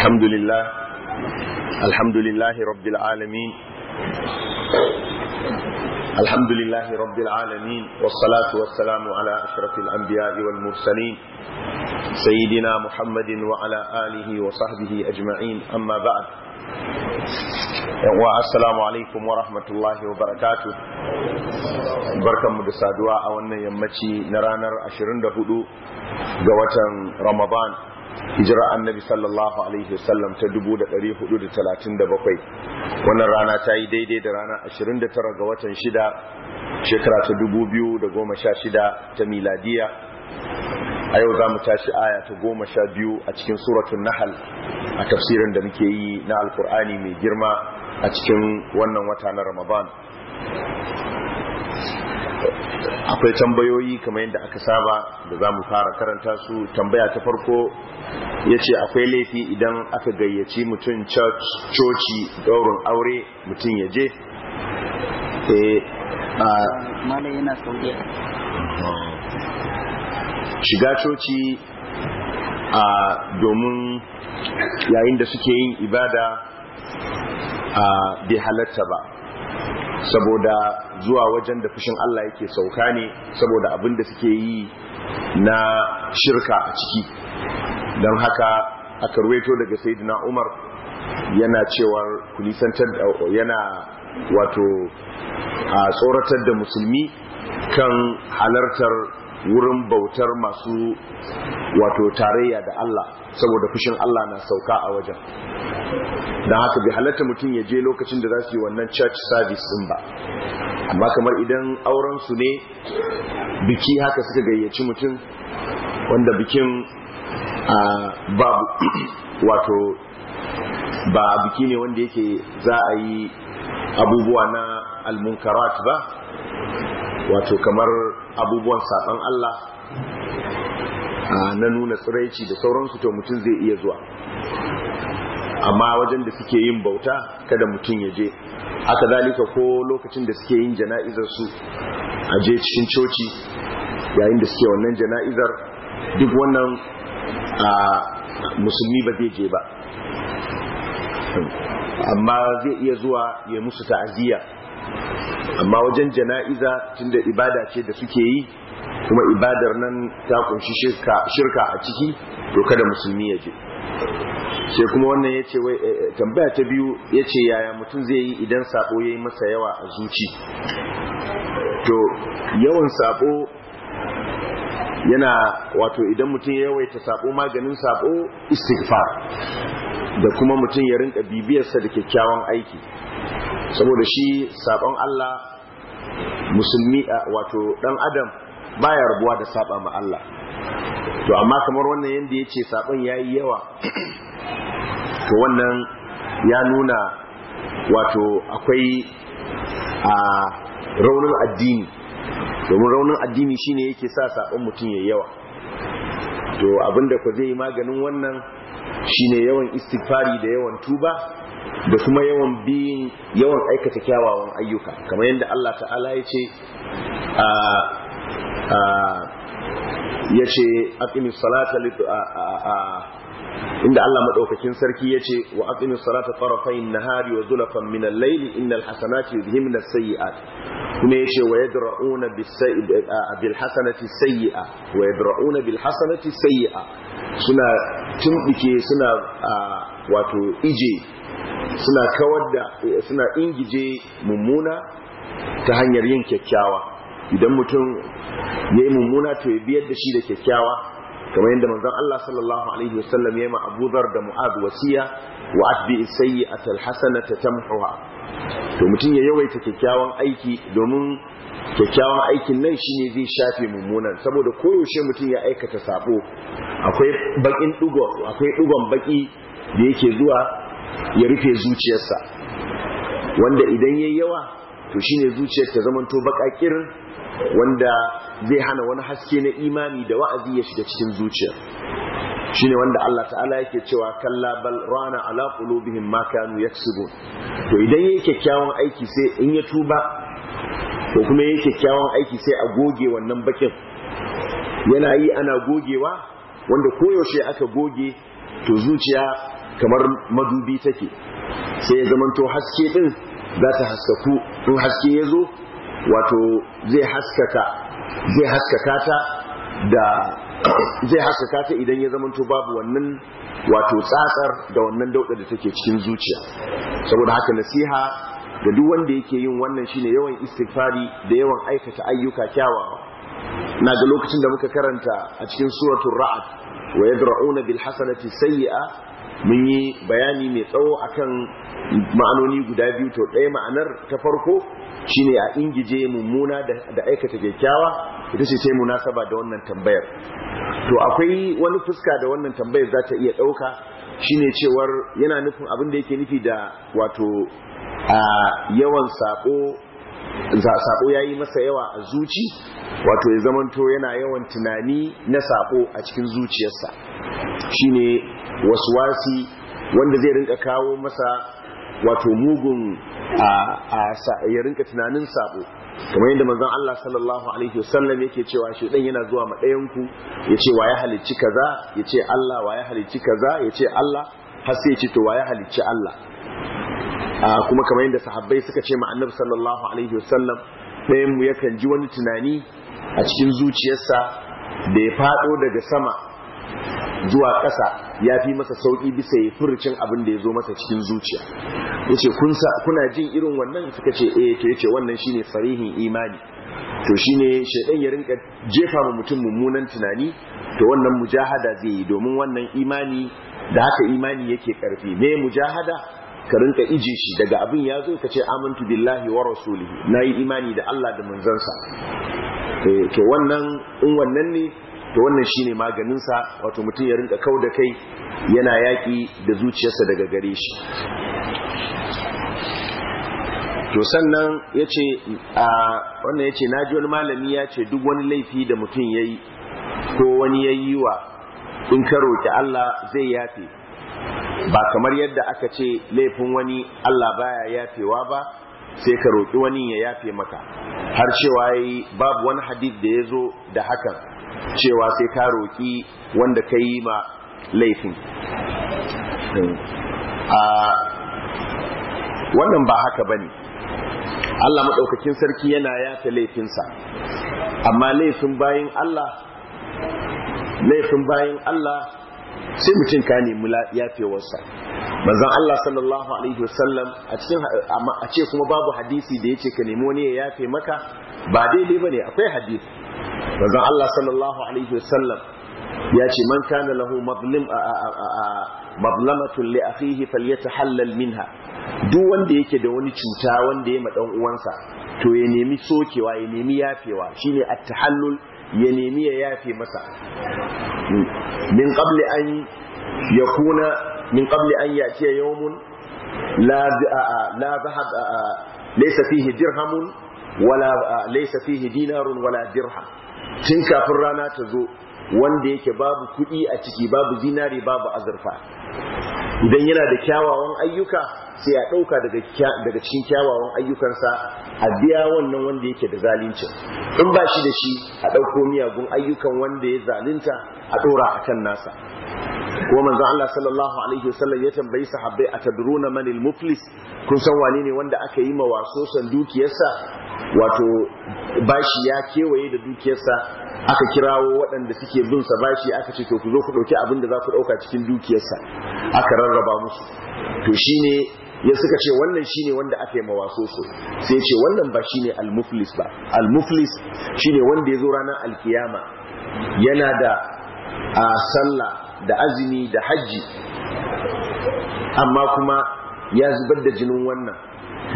الحمد لله الحمد لله رب العالمين الحمد لله رب العالمين والصلاة والسلام على أشرف الأنبياء والمرسلين سيدنا محمد وعلى آله وصحبه أجمعين أما بعد السلام عليكم ورحمة الله وبركاته بركة مدسادوا أولنا يمتي نرانر أشرند هدو جوة رمضان hijira annabi sallallahu alaihi wasallam ta bakwai. wannan rana ta yi daidai da rana 29 ga watan 6 shekara ta 2016 ta miladiya a yau za mu tashi aya ta goma sha biyu a cikin suratun nahal a tafsirin da muke yi na alkur'ani mai girma a cikin wannan wata na ramadan akwai tambayoyi kamar yadda aka saba da za mu fara karanta su tambaya ta farko ya ce akwai laifi idan aka gayyaci mutum coci daurin aure mutum ya je eh, shiga coci a domin yayin da suke yin ibada a bai halatta ba saboda zuwa wajen da fushin Allah yake sauka ne saboda abin da suke yi na shirka a ciki don haka aka ruweto daga sayyidina Umar yana cewar kulisantar yana wato a tsoratar da musulmi kan halartar wurin bautar masu wato tarayya da Allah saboda fushin Allah na sauka a wajen don haka bai halatta mutum ya je lokacin da za su yi wannan church service din ba amma kamar idan auren ne biki haka suka gayyaci mutum wanda bikin babu wato ba biki ne wanda yake za a yi abubuwa na almunkarat ba wato kamar abubuwan saɓan Allah na nuna tsiraici da sauransu to mutum zai iya zuwa amma wajen da suke yin bauta kada mutum ya je aka zalika ko lokacin da suke yin jana'izar su a je cikin coci yayin da suke wannan jana'izar duk wannan a musulmi ba zai je ba amma zai iya zuwa ya musu ta'aziyya amma wajen jana'iza tunda ibada ce da suke yi kuma ibadar nan ta kunshi shirka a ciki to kada musulmi ya je sai kuma wannan ya ce eh, eh, tambaya ta biyu ya ce yaya mutum zai yi idan sabo ya yi masa yawa a zuci to yawan sabo yana wato idan mutum ya yawaita sabo maganin sabo istighfar da kuma mutum ya rinka bibiyarsa da kyakkyawan aiki saboda shi sabon Allah musulmi wato ɗan adam baya rabuwa da saba ma Allah to amma kamar wannan yadda yanda yace sabon yi yawa to wannan ya nuna wato akwai a raunin addini domin raunin addini shine yake sa sabon mutum yayi yawa to abinda ku zai maganin wannan shine yawan istighfari da yawan tuba da kuma yawan biyin yawan aikata kyawawan ayyuka kamar yadda Allah ta'ala ya ce ya ce aqimis salata inda Allah madaukakin sarki ya ce wa aqimis salata tarafayn nahari wa zulafan min al-layli innal hasanati yudhhibna as-sayyi'at kuma ya ce wa yadra'una bil hasanati sayyi'a wa yadra'una bil hasanati sayyi'a suna tumbike suna wato ije suna kawar da suna ingije mummuna ta hanyar yin kyakkyawa idan mutum ya yi mummuna to ya biyar da shi da kyakkyawa kamar yadda manzon Allah sallallahu alaihi wasallam ya yi ma Abu da Mu'ad wasiya wa atbi sayyi'ata alhasanata tamhuha to mutum ya yawaita kyakkyawan aiki domin kyakkyawan aikin nan shi ne zai shafe mummunan saboda koyaushe mutum ya aikata sabo akwai bakin dugo akwai dugon baki da yake zuwa ya rufe zuciyarsa wanda idan ya yawa to shine zuciyar ta zamanto bakakir wanda zai hana wani haske na imani da wa'azi ya shiga cikin zuciyar shine wanda Allah ta'ala yake cewa kalla bal rana ala qulubihim ma kanu yaksubun to idan yayi kyakkyawan aiki sai in ya tuba to kuma yayi kyakkyawan aiki sai a goge wannan bakin yana yi ana gogewa wanda koyaushe aka goge to zuciya kamar madubi take sai ya zamanto haske din za ta haskaku in haske ya zo wato zai haskaka zai haskaka ta da zai haskaka ta idan ya zamanto babu wannan wato tsatsar da wannan dauda da take cikin zuciya saboda haka nasiha da duk wanda yake yin wannan shine yawan istighfari da yawan aikata ayyuka kyawawa na ga lokacin da muka karanta a cikin suratul ra'd wa yadra'una bil hasanati sayyi'a mun yi bayani mai tsawo akan ma'anoni guda biyu to ɗaya ma'anar ta farko shine a ingije mummuna da aikata kyakkyawa ita ce sai munasaba da wannan tambayar to akwai wani fuska da wannan tambayar za ta iya ɗauka shine cewar yana nufin abin da yake nufi da wato a yawan sako sako ya yi masa yawa a zuci wato ya zamanto yana yawan tunani na sako a cikin zuciyarsa shine waswasi wanda zai rinka kawo masa wato mugun ya rinka tunanin sabo kamar yadda manzon Allah sallallahu alaihi wasallam yake cewa dan yana zuwa maɗayan ku yace wa ya halicci kaza yace Allah wa ya halicci kaza yace Allah har sai yace to wa ya halicci Allah kuma kamar yadda sahabbai suka ce ma annabi sallallahu alaihi wasallam ɗayan mu yakan ji wani tunani a cikin zuciyarsa da ya faɗo daga sama zuwa ƙasa ya fi masa sauƙi bisa ya furucin abin da ya zo masa cikin zuciya ya ce kuna jin irin wannan suka ce eh to ya ce wannan shine sarihin imani to shi ne shaidan ya rinka jefa ma mutum mummunan tunani to wannan mujahada zai yi domin wannan imani da haka imani yake ƙarfi me mujahada ka rinka ije shi daga abin ya zo ka ce amintu billahi wa rasulihi na yi imani da Allah da manzansa eh, to wannan in wannan ne to wannan shine maganin sa wato mutum ya rinka kau da kai yana yaƙi da zuciyarsa daga gare shi to sannan ya ce a wannan ya ce na ji wani malami ya ce duk wani laifi da mutum ya yi ko wani ya yi wa in ka roƙi Allah zai yafe ba kamar yadda aka ce laifin wani Allah baya yafewa ba sai ka roƙi wani ya yafe maka har cewa yi babu wani hadith da ya zo da hakan cewa sai ka roƙi wanda ka yi ma laifin hmm. wannan ba haka ba ne Allah maɗaukakin sarki yana yafe laifinsa amma laifin bayan Allah laifin bayan Allah sai mutum ka nemi yafewarsa manzon Allah sallallahu alaihi wasallam a cikin a ce kuma babu hadisi da yake ka nemi wani ya yafe maka ba daidai bane akwai hadisi manzon Allah sallallahu alaihi wasallam ya ce man kana lahu mazlim mazlamatun li akhihi falyatahallal minha duk wanda yake da wani cuta wanda ya ma dan uwansa to ya nemi sokewa ya nemi yafewa shine at-tahallul ya nemi ya yafe masa min qabli an yakuna min qabli an yati yawmun la la dhahab laysa fihi dirhamun wala laysa fihi dinarun wala dirham tun kafin rana ta zo wanda yake babu kuɗi a ciki babu zinari babu azurfa idan yana da kyawawan ayyuka sai a ɗauka daga cikin kyawawan ayyukansa a biya wannan wanda yake da zalincin in ba shi da shi a ɗauko miyagun ayyukan wanda ya zalinta a ɗora a kan nasa kuma manzo Allah sallallahu alaihi wasallam ya tambayi sahabbai atadruna manil muflis kun san wane ne wanda aka yi mawasosan dukiyarsa wato bashi ya kewaye da dukiyarsa aka kirawo waɗanda suke bin sa bashi aka ce to ku zo ku ɗauki abin da za ku ɗauka cikin dukiyarsa aka rarraba musu to shine ya suka ce wannan shine wanda aka yi mawaso so sai ce wannan ba shine al-muflis ba al-muflis shine wanda ya zo ranar alkiyama yana da a sallah da azumi da hajji amma kuma ya zubar da jinin wannan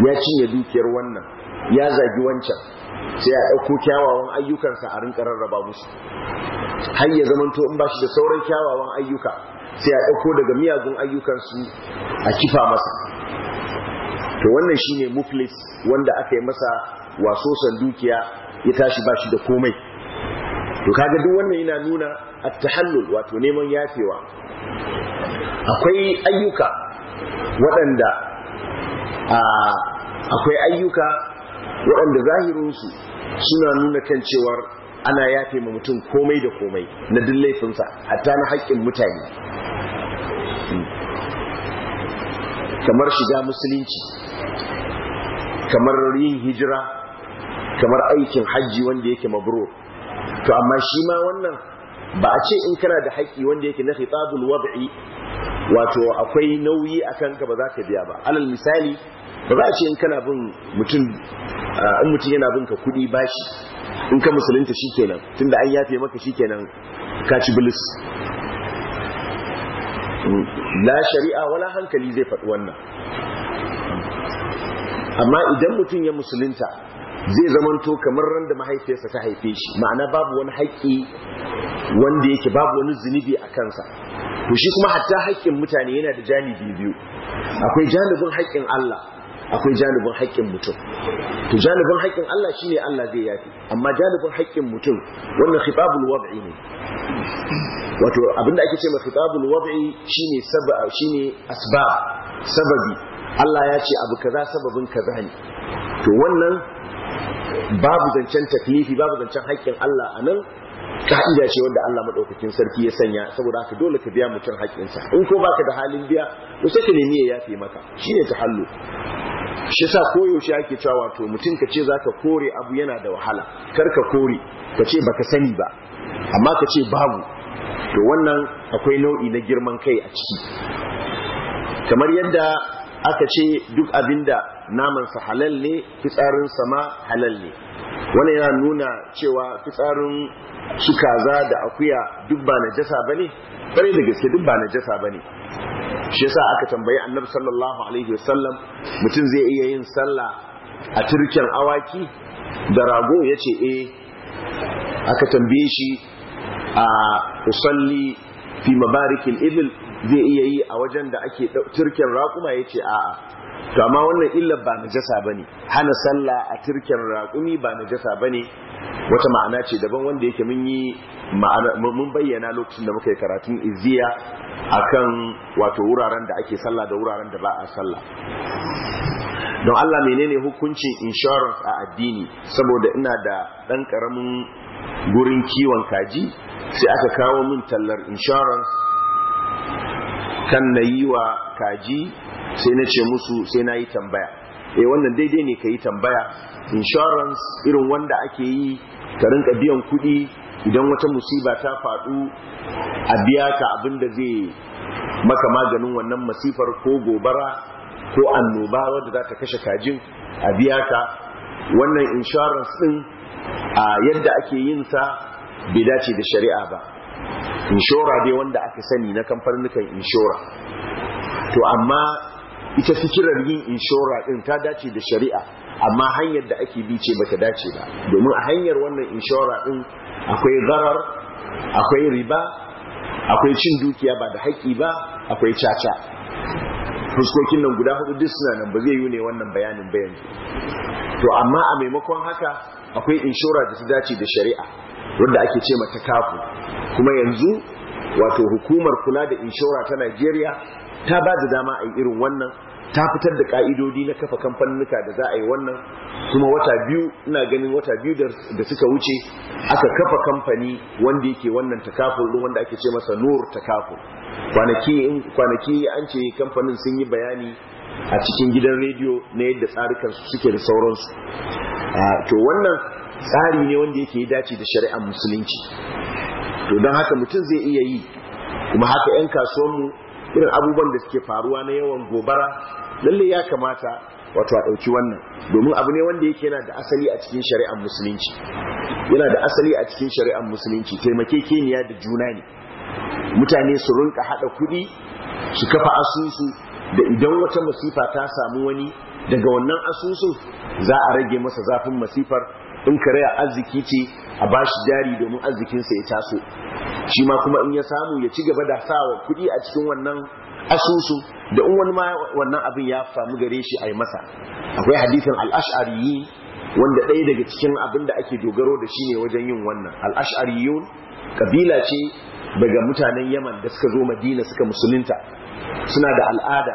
ya cinye dukiyar wannan ya zagi wancan sai a ɗauko kyawawan ayyukansa a rinka rarraba musu har ya zamanto in ba shi da sauran kyawawan ayyuka sai a ɗauko daga miyagun ayyukansu a kifa masa to wannan shine muflis wanda aka yi masa wasosan dukiya ya tashi ba shi da komai to kaga duk wannan yana nuna at-tahallul wato neman yafewa akwai ayyuka waɗanda akwai ayyuka waɗanda su suna nuna kan cewar ana yafe ma mutum komai da komai na duk laifinsa hatta na haƙƙin mutane kamar shiga musulunci kamar yin hijira kamar aikin hajji wanda yake mabrur to amma shi ma wannan ba a ce in kana da haƙƙi wanda yake na khitabul wad'i wato akwai nauyi akan ka ba za ka biya ba alal misali ba za a ce in kana bin mutum in mutum yana bin ka kuɗi bashi in ka musulunta shikenan tunda an yafe maka shikenan ka ci bilis la shari'a wala hankali zai faɗi wannan amma idan mutum ya musulunta zai zamanto kamar ran da mahaifiyarsa ta haife shi ma'ana babu wani haƙƙi wanda yake babu wani zunubi a kansa to shi kuma hatta haƙƙin mutane yana da janibi biyu akwai janibin haƙƙin Allah akwai janibin haƙƙin mutum to janibin haƙƙin Allah shine Allah zai yafi amma janibin haƙƙin mutum wannan khitabul wad'i ne wato abinda ake cewa ma khitabul wad'i shine sabab shine asbab sababi Allah ya ce abu kaza sababin kaza ne to wannan babu zancen taklifi babu zancen haƙƙin Allah a nan ka'ida ce wanda Allah maɗaukakin sarki ya sanya saboda haka dole ka biya mutum haƙƙinsa in ko baka da halin biya to sai ka nemi ya yafe maka shine hallo. shi sa koyaushe ake cewa wato mutum ka ce zaka kore abu yana da wahala kar ka kore ka ce ka sani ba amma ka ce babu to wannan akwai nau'i na girman kai a ciki kamar yadda aka ce duk abinda namansa halal ne fitsarin ma halal ne wannan yana nuna cewa fitsarin su kaza da akuya duk ba najasa bane bare da gaske duk ba najasa bane shi yasa aka tambayi annabi sallallahu alaihi wasallam mutum zai iya yin sallah a turken awaki da rago yace eh aka tambaye shi a usalli fi mabarikil ibil zai iya yi a wajen da ake turken raƙuma yace a'a to amma wannan illar ba najasa bane hana sallah a turkin raƙumi ba najasa bane wata ma'ana ce daban wanda yake mun yi mun bayyana lokacin da muka yi karatun iziya akan wato wuraren da ake sallah da wuraren da ba a sallah don Allah menene hukuncin insurance a addini saboda ina da ɗan karamin gurin kiwon kaji sai aka kawo min tallar insurance kan na yi wa kaji sai na ce musu sai na yi tambaya eh wannan daidai ne ka yi tambaya insurance irin wanda ake yi ka rinka biyan kuɗi idan wata musiba ta faɗu a biya ka abin da zai maka maganin wannan masifar ko gobara ko annoba wadda za ta kashe kajin a biya ka wannan insurance ɗin a yadda ake yin sa bai dace da shari'a ba inshora dai wanda aka sani na kamfanin inshora to amma ita fikirar yin inshora din ta dace da shari'a amma hanyar da ake bi ce bata dace ba domin a hanyar wannan inshora din akwai zarar akwai riba akwai cin dukiya ba da haƙƙi ba akwai caca fuskokin nan guda hudu duk suna nan ba zai yi ne wannan bayanin ba yanzu to amma a maimakon haka akwai inshora da ta dace da shari'a wanda ake ce mata kafu kuma yanzu wato hukumar kula da inshora ta Najeriya ta ba da dama a yi irin wannan ta fitar da ka'idodi na kafa kamfanuka da za a yi wannan kuma wata biyu ina ganin wata biyu da suka wuce aka kafa kamfani wanda yake wannan takaful wanda ake ce masa nur takaful kwanaki an ce kamfanin sun yi bayani a cikin gidan rediyo na yadda tsarukan su suke da sauransu to wannan tsari ne wanda yake dace da shari'ar musulunci to don haka mutum zai iya yi kuma haka 'yan kasuwanmu irin abubuwan da suke faruwa na yawan gobara lalle ya kamata wato a ɗauki wannan domin abu ne wanda yake yana da asali a cikin shari'ar musulunci yana da asali a cikin shari'ar musulunci taimakekeniya da juna ne mutane su rinka haɗa kuɗi su kafa asusu da idan wata masifa ta samu wani daga wannan asusun za a rage masa zafin masifar in karaya arziki ce a bashi jari domin arzikinsa ya taso shi ma kuma in ya samu ya ci gaba da sawa kuɗi a cikin wannan asusu da in wani ma wannan abin ya famu gare shi a yi masa akwai hadisin al'ash'ariyi wanda ɗaya daga cikin abin da ake dogaro da shi ne wajen yin wannan al'ash'ariyun kabila ce daga mutanen yaman da suka zo madina suka musulunta suna da al'ada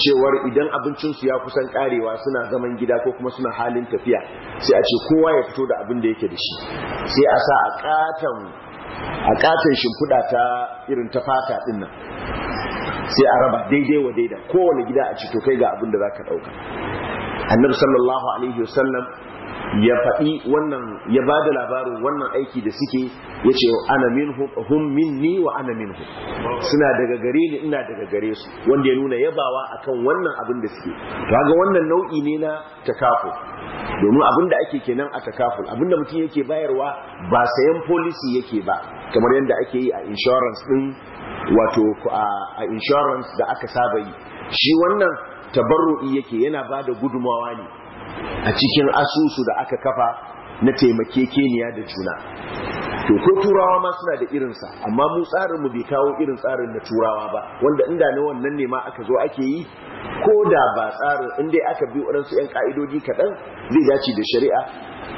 cewar idan abincinsu ya kusan karewa suna zaman gida ko kuma suna halin tafiya sai a ce kowa ya fito da abin da yake da shi sai a sa a katon a katon shimfiɗa ta irin ta fata ɗin sai a raba daidai wa daidai kowane gida a cito kai ga abin da za ka ɗauka annabi sallallahu alaihi wasallam ya faɗi wannan ya ba da labarin wannan aiki da suke ya ce wa ana hum minni wa ana suna daga gare ni ina daga gare su wanda ya nuna yabawa akan wannan abin da suke to ga wannan nau'i ne na takafu. domin abin da ake kenan a takaful abin da mutum yake bayarwa ba sayan policy yake ba kamar yadda ake yi a insurance din wato a insurance da aka saba yi shi wannan tabarru'i yake yana bada da gudumawa ne a cikin asusu da aka kafa na taimake keniya da juna to ko turawa ma suna da irinsa amma mu tsarin mu bai kawo irin tsarin na turawa ba wanda inda ne wannan ne ma aka zo ake yi ko da ba tsarin in dai aka bi waɗansu 'yan ka'idoji kaɗan zai dace da shari'a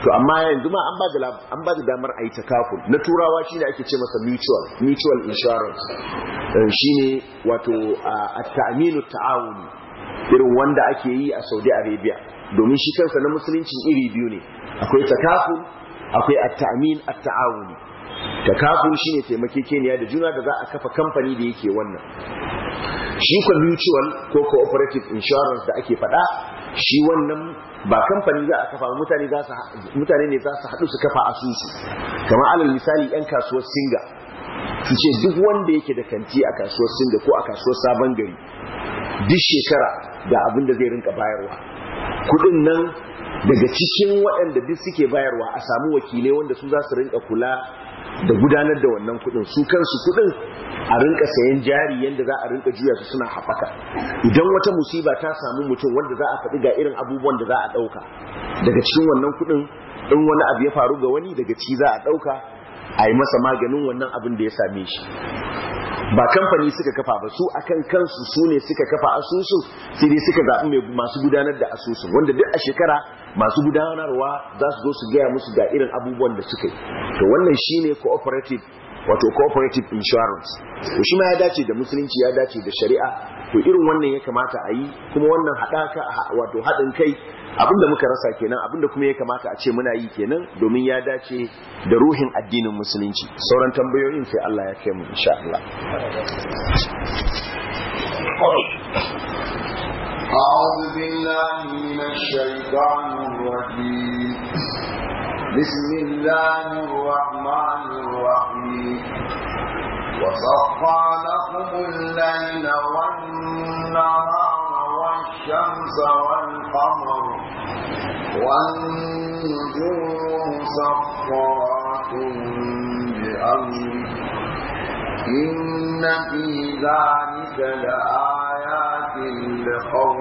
to amma yanzu ma an ba da damar a yi ta takaful na turawa shine ake ce masa mutual mutual insurance eh, shine wato a ta'aminu ta'awuni irin wanda ake yi a saudi arabia domin shi kansa na musulunci iri biyu ne akwai takafun akwai at-ta'min at-ta'awuni takaful shine taimakekeniya da juna da za a kafa kamfani da yake wannan shi ko mutual ko cooperative insurance da ake faɗa shi wannan ba kamfani za a kafa mutane mutane ne za su haɗu su kafa asusu kamar alal misali yan kasuwar singa su ce duk wanda yake da kanti a kasuwar singa ko a kasuwar sabon gari duk shekara da abin da zai rinka bayarwa kudin nan daga cikin waɗanda duk suke bayarwa a samu wakilai wanda su za su rinka kula da gudanar da wannan kudin su kansu kudin a rinka sayan jari yadda za a rinka juya su suna haɓaka idan wata musiba ta samu mutum wanda za a faɗi ga irin abubuwan da za a ɗauka daga cikin wannan kudin in wani abu ya faru ga wani daga ci za a ɗauka a yi masa maganin wannan abin da ya same shi ba kamfani suka kafa ba su akan kansu su ne suka kafa asusun sai dai suka zaɓi masu gudanar da asusun wanda duk a shekara masu gudanarwa za su zo su gaya musu ga irin abubuwan da suka yi to wannan shi ne cooperative wato cooperative insurance to shi ma ya dace da musulunci ya dace da shari'a to irin wannan ya kamata a yi kuma wannan haɗaka wato haɗin kai abinda muka rasa kenan abinda kuma ya kamata a ce muna yi kenan domin ya dace da ruhin addinin musulunci sauran tambayoyin sai Allah ya kai mu insha Allah أعوذ بالله من الشيطان الرجيم بسم الله الرحمن الرحيم وصفى لكم الليل والنهار والشمس والقمر والنجوم صفات بأمره إن في ذلك لآيات لقوم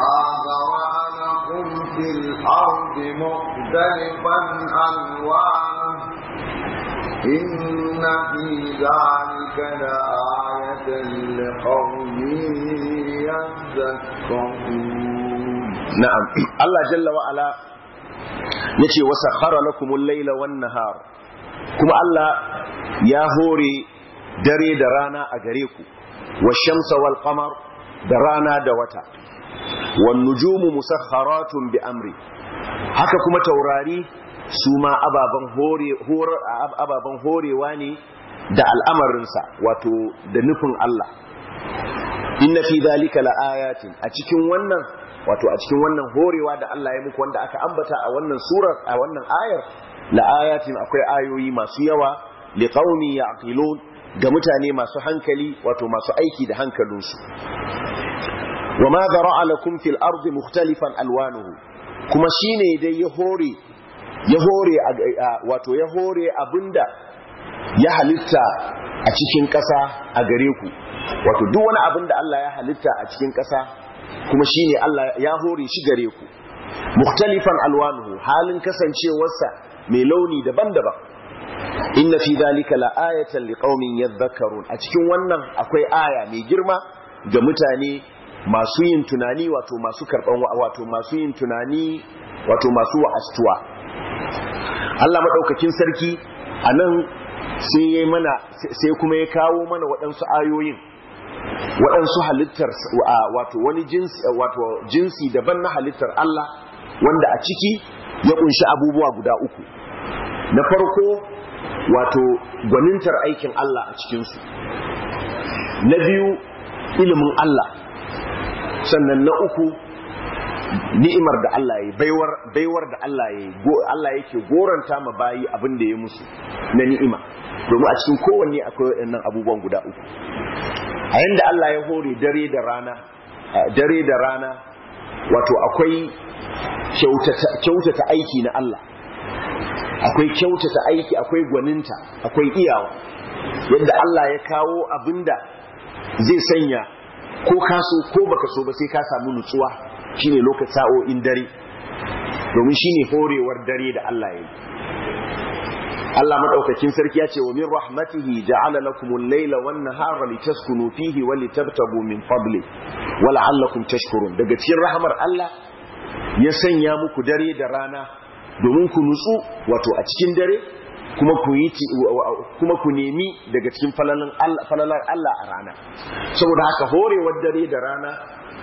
وَأَنَقُمْ فِي الْأَرْضِ مُخْتَلِفًا أَلْوَانًا إِنَّ فِي ذَلِكَ لَآيَةً لِقَوْمٍ يَذَّكَّرُونَ نعم الله جل وعلا نتي وسخر لكم الليل والنهار كم الله يا هوري دري درانا أجريكم والشمس والقمر درانا دوتا wan nujumu musakharatun bi amri haka kuma taurari su ma ababan horewa ne da al'amarinsa wato da nufin Allah inna fi dhalika laayatin a cikin wannan wato a cikin wannan horewa da Allah ya muku wanda aka ambata a wannan surar a wannan ayar laayatin akwai ayoyi masu yawa ya yaqilun ga mutane masu hankali wato masu aiki da hankalinsu wa ma zara'a lakum fil ardi mukhtalifan alwanuhu kuma shine dai ya hore abinda ya halitta a cikin ƙasa a gare ku wato duk wani abin da Allah ya halitta a cikin ƙasa kuma shine Allah ya hore shi gare ku mukhtalifan alwanuhu halin kasancewarsa mai launi daban-daban inna fi dhalika la'ayatan liqaumin yadhakkarun a cikin wannan akwai aya mai girma ga mutane masu yin tunani wato masu karban wato masu yin tunani wato masu wa'astuwa Allah madaukakin sarki anan sai yayi mana sai kuma ya kawo mana waɗansu ayoyin waɗansu halittar wato wani jinsi wato jinsi daban na halittar Allah wanda a ciki ya kunshi abubuwa guda uku na farko wato gwanintar aikin Allah a cikinsu na biyu ilimin Allah sannan na uku ni'imar da Allah ya yi baiwar da Allah ya yi Allah yake goranta ma bayi abin da ya musu na ni'ima domin a cikin kowanne akwai waɗannan abubuwan guda uku a yadda Allah ya hore dare da rana dare da rana wato akwai kyautata aiki na Allah akwai kyautata aiki akwai gwaninta akwai iyawa yadda Allah ya kawo abin da zai sanya ko ka so ko baka so ba sai ka samu nutsuwa shine lokacin sa'o'in dare domin shine horewar dare da Allah ya yi Allah madaukakin sarki ya ce wa min rahmatihi ja'ala lakum al-laila wan nahara litaskunu fihi wa litabtagu min fadli wa la'allakum tashkurun daga cikin rahmar Allah ya sanya muku dare da rana domin ku nutsu wato a cikin dare kuma ku yi kuma ku nemi daga cikin falalan Allah a rana saboda haka horewar dare da rana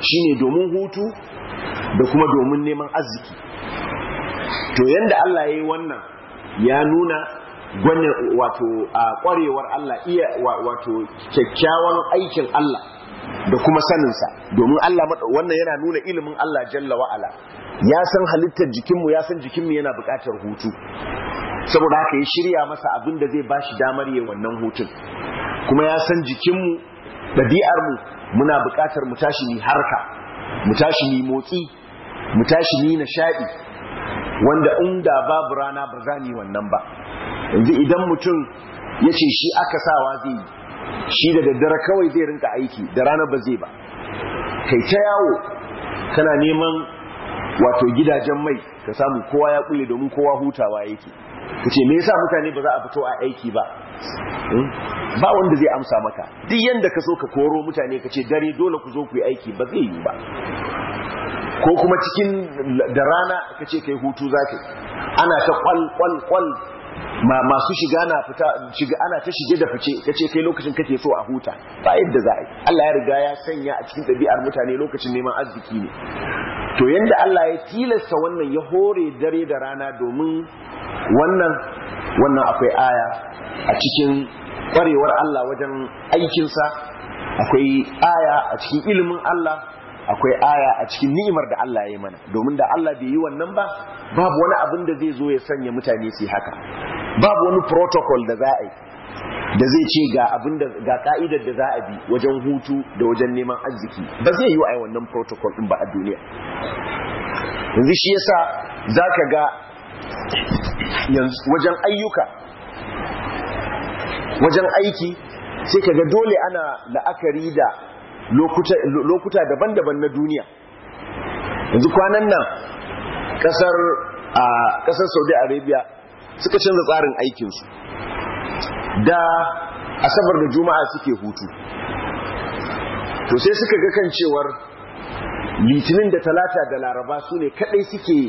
shine domin hutu da kuma domin neman arziki to yanda Allah ya yi wannan ya nuna gwanin wato a kwarewar Allah iya wato kyakkyawan aikin Allah da kuma saninsa domin Allah wannan yana nuna ilimin Allah jalla wa'ala ya san halittar jikinmu ya san jikinmu yana buƙatar hutu saboda haka ya shirya masa abin da zai bashi damar yi wannan hutun kuma ya san jikinmu mu muna buƙatar mu tashi ni harka mu tashi ni motsi mu tashi ni nishaɗi wanda inda babu rana ba za ni wannan ba yanzu idan mutum ya ce shi aka sawa zai yi shi da daddare kawai zai rinka aiki da rana ba zai ba kai ta yawo kana neman wato gidajen mai ka samu kowa ya kule domin kowa hutawa yake ka ce me yasa mutane ba za a fito a aiki ba hmm? ba wanda zai amsa maka duk yadda ka so ka koro mutane ka ce dare dole ku zo ku yi aiki ba zai yi ba ko kuma cikin da rana ka ce kai hutu za ka ana ta kwal kwal kwal masu shiga na fita shiga ana ta shige da fice kace kai lokacin kake so a huta ba yadda za'a yi Allah ya riga ya sanya a cikin ɗabi'ar mutane lokacin neman arziki ne to yanda Allah ya tilasta wannan ya hore dare da rana domin wannan wannan akwai aya a cikin kwarewar Allah wajen aikinsa akwai aya a cikin ilimin Allah akwai aya a cikin ni'imar da Allah ya yi mana domin da Allah bai yi wannan ba babu wani abin da zai zo ya sanya mutane su haka babu wani protocol da za yi da zai ce ga abin da ga ka'idar da za a bi wajen hutu da wajen neman arziki ba zai yi wa wannan protocol din ba a duniya yanzu shi yasa zaka ga yanzu wajen ayyuka wajen aiki sai kaga dole ana la'akari da lokuta daban-daban na duniya yanzu kwanan nan kasar a kasar Saudi Arabia suka canza tsarin aikinsu da asabar da juma'a suke hutu to sai suka ga kan cewar litinin da talata da laraba su ne kadai suke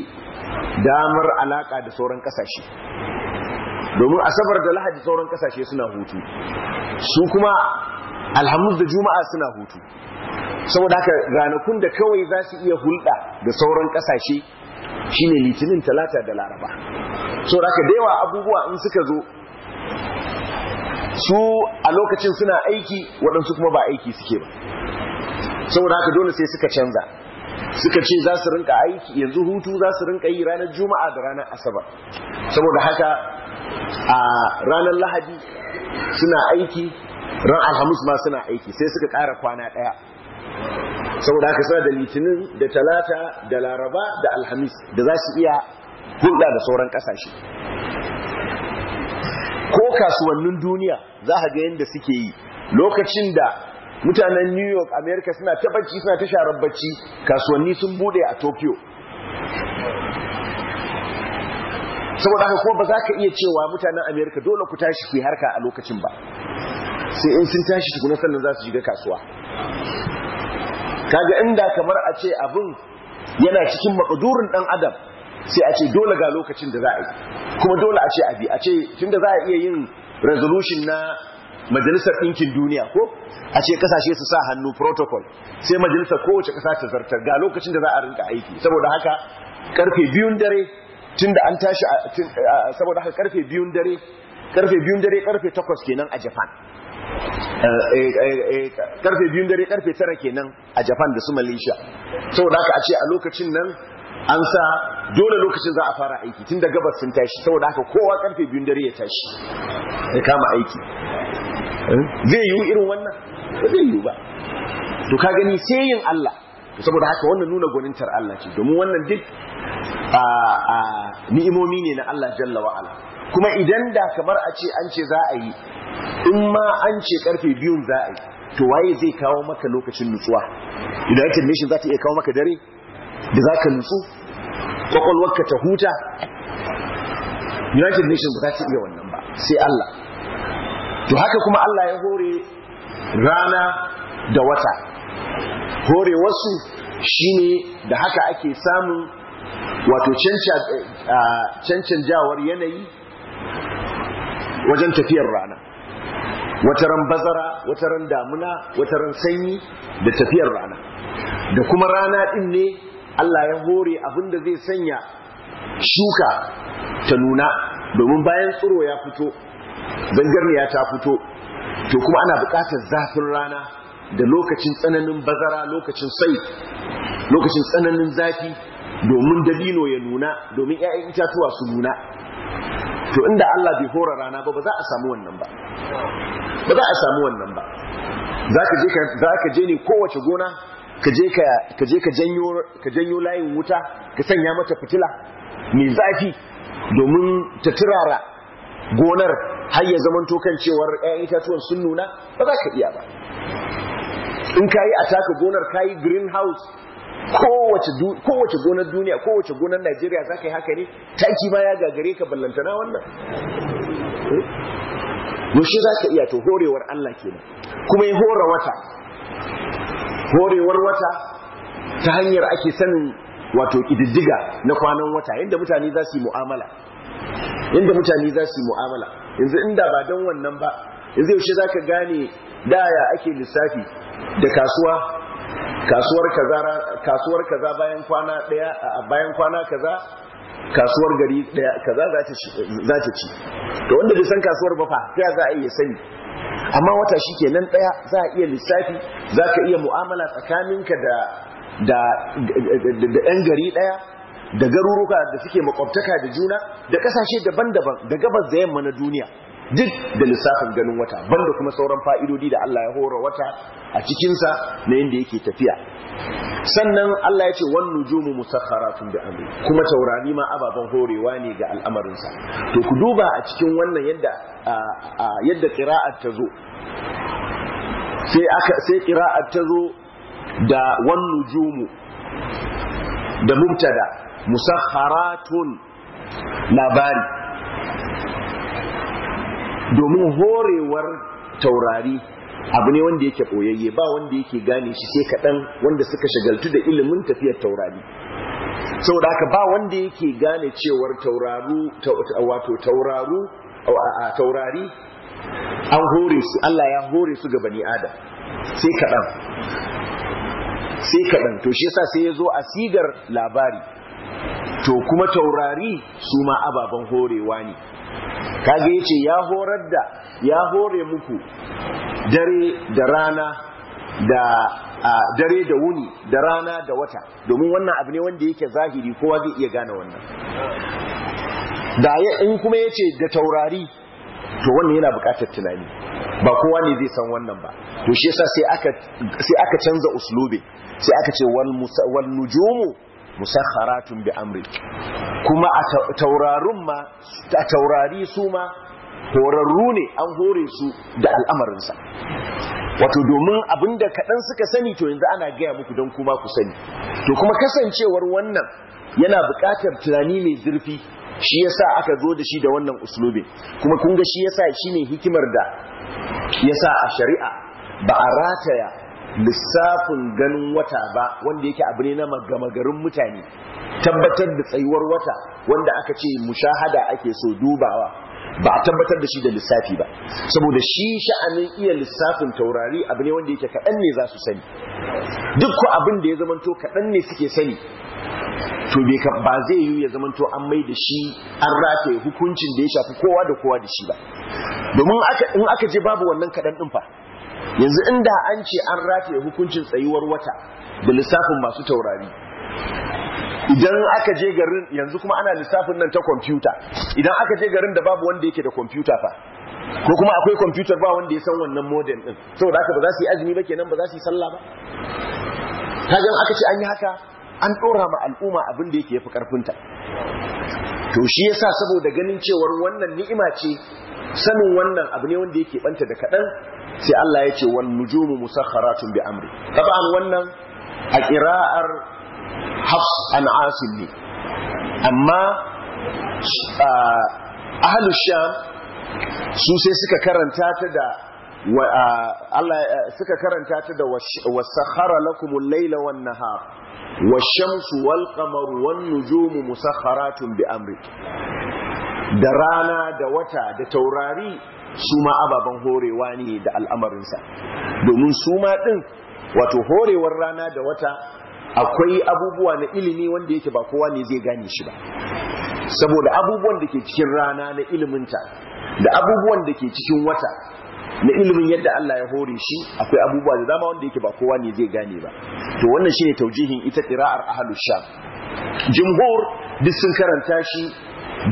damar alaka da sauran kasashe domin asabar da lahadi sauran kasashe suna hutu su kuma alhamis da juma'a suna hutu saboda haka ranakun da kawai za su iya hulɗa da sauran kasashe shine litinin talata da laraba so da da yawa abubuwa in suka zo su a lokacin suna aiki waɗansu kuma ba aiki suke ba saboda haka dole sai suka canza suka ce za su rinka aiki yanzu hutu za su rinka yi ranar juma'a da ranar asabar saboda haka a ranar lahadi suna aiki ran alhamis ma suna aiki sai suka ƙara kwana ɗaya saboda haka suna da litinin da talata da laraba da alhamis da za su iya hulɗa da sauran ƙasashe ko kasuwannin duniya za a ga yadda suke yi lokacin da mutanen new york america suna ta bacci suna ta sharabbaci kasuwanni sun bude a tokyo saboda haka kuma ba za ka iya cewa mutanen america dole ku tashi ku yi harka a lokacin ba sai in sun tashi tukuna sannan za su shiga kasuwa kaga inda kamar a ce abin yana cikin makudurin dan adam sai a ce dole ga lokacin da za a yi kuma dole a ce abi a ce tunda za a iya yin resolution na majalisar ɗinkin duniya ko a ce kasashe su sa hannu protocol sai majalisar kowace ƙasa ta zartar ga lokacin da za a rinka aiki saboda haka karfe biyun dare tun da an tashi saboda haka karfe biyun dare karfe biyun dare karfe takwas kenan a japan Eh, eh, eh, karfe biyun dare karfe tara kenan a japan da su malaysia saboda haka a ce a lokacin nan an sa dole lokacin za a fara aiki tun da gabas sun tashi saboda haka kowa karfe biyun dare ya tashi ya kama aiki zai yiwu irin wannan ba zai yiwu ba to ka gani sai yin allah saboda haka wannan nuna gwanintar allah ce domin wannan duk a ni'imomi ne na allah jalla wa'ala kuma idan da kamar a ce an ce za a yi in ma an ce karfe biyun za a yi to waye zai kawo maka lokacin nutsuwa united nation za ta iya kawo maka dare da za ka nutsu kwakwalwarka ta huta united nation ba za ta iya wannan ba sai allah to haka kuma allah ya hore rana da wata hore wasu shine da haka ake samun wato cancanjawar eh, ah, yanayi wajen tafiyar rana wata ran bazara wata ran damuna wata ran sanyi da tafiyar rana da kuma rana din ne Allah ya hore abinda zai sanya shuka ta nuna domin bayan tsiro ya fito zangarniya ta fito to kuma ana buƙatar zafin rana da lokacin tsananin bazara lokacin sai lokacin tsananin zafi domin dabino ya nuna domin 'ya'yan itatuwa su nuna to inda Allah bai hora rana ba ba za a samu wannan ba ba za a samu wannan ba za ka je ne kowace gona ka je ka janyo layin wuta ka sanya mata fitila mai zafi domin ta turara gonar har ya zaman kan cewar 'ya'yan itatuwan sun nuna ba za ka iya ba in ka yi a taka gonar ka yi greenhouse kowace gonar duniya kowace gonar najeriya za ka yi haka ne taki ma ya gagare ka ballantana wannan eh? yaushe za ka iya to horewar allah kenan kuma ya hora wata horewar wata ta hanyar ake sanin wato ƙididdiga na kwanan wata yadda mutane za su yi mu'amala inda mutane za su yi mu'amala yanzu inda ba don wannan ba yanzu yaushe za ka gane daya ake lissafi da kasuwa kasuwar kaza kasuwar bayan kwana daya bayan kwana kaza kasuwar gari daya kaza za ta ci to wanda bai san kasuwar ba fa ta za a iya sani amma wata shi ke nan daya za a iya lissafi za ka iya mu'amala tsakaninka da da yan gari daya da garuruka da suke makwabtaka da juna da kasashe daban-daban da gabas da yamma na duniya duk da lissafin ganin wata banda kuma sauran fa'idodi da Allah ya hora wata a cikinsa na yadda yake tafiya sannan Allah ya ce wan nujumu musakharatun bi amri kuma taurari ma ababen horewa ne ga al'amarinsa to ku duba a cikin wannan yadda yadda qira'at ta zo sai aka sai qira'at ta zo da wan nujumu da mubtada musakharatun labari domin horewar taurari abu ne wanda yake ɓoyayye ba wanda yake gane shi sai kaɗan wanda suka shagaltu da ilimin tafiyar taurari saboda haka ba wanda yake gane cewar tauraru wato tauraru a taurari an hore su Allah ya hore su ga bani adam sai kaɗan sai kaɗan to shi yasa sai ya zo a sigar labari to kuma taurari su ma ababen horewa ne Kage yace ya horar da ya hore muku dare da rana da dare da wuni da rana da wata domin wannan abu ne wanda yake zahiri kowa zai iya gane wannan da in kuma yace da taurari to wannan yana bukatar tunani ba kowa ne zai san wannan ba to shi yasa sai aka sai aka canza uslube sai aka ce wal wal nujumu musakharatun bi amri kuma a taurari su ma horarru ne an hore su da al'amarinsa wato domin abinda kaɗan suka sani to yanzu ana gaya muku don kuma ku sani to kuma kasancewar wannan yana buƙatar tunani mai zurfi shi yasa aka zo da shi da wannan uslubin kuma kun ga shi yasa shine hikimar da yasa a shari'a ba a rataya lissafin ganin wata ba wanda yake abu ne na magamagarin mutane tabbatar da tsayuwar wata wanda aka ce mushahada ake so dubawa ba a tabbatar da shi da lissafi ba saboda shi sha'anin iya lissafin taurari abu ne wanda yake kaɗan ne za su sani duk ko abin da ya zamanto kaɗan ne suke sani to ba zai yi ya zamanto an mai da shi an rataye hukuncin da ya shafi kowa da kowa da shi ba domin in aka je babu wannan kaɗan ɗin fa yanzu inda an ce an rataye hukuncin tsayuwar wata da lissafin masu taurari idan aka je garin yanzu kuma ana lissafin nan ta kwamfuta idan aka je garin da babu wanda yake da kwamfuta fa ko kuma akwai kwamfutar ba wanda ya san wannan model din saboda haka ba za su yi azumi ba kenan ba za su yi sallah ba kajan aka ce an yi haka an dora ma al'umma abin da yake fi karfinta to shi yasa saboda ganin cewar wannan ni'ima ce sanin wannan abu ne wanda yake banta da kaɗan sai Allah ya ce wan nujumu musakharatun bi amri taban wannan a qira'ar Hafs an Asim ne amma ahlus sham su sai suka karanta ta da Allah suka karanta ta da wasakhara lakumul layla wan nahar wal qamaru wan nujumu musakharatun bi amri da rana da wata da taurari su ma ababen horewa ne da al'amarinsa domin su ma ɗin wato horewar rana da wata akwai abubuwa na ilimi wanda yake ba kowa ne zai gane shi ba saboda abubuwan da ke cikin rana na iliminta da abubuwan da ke cikin wata na ilimin yadda Allah ya hore shi akwai abubuwa da dama wanda yake ba kowa ne zai gane ba to wannan shine taujihin ita qira'ar ahlus sham jumhur duk sun karanta shi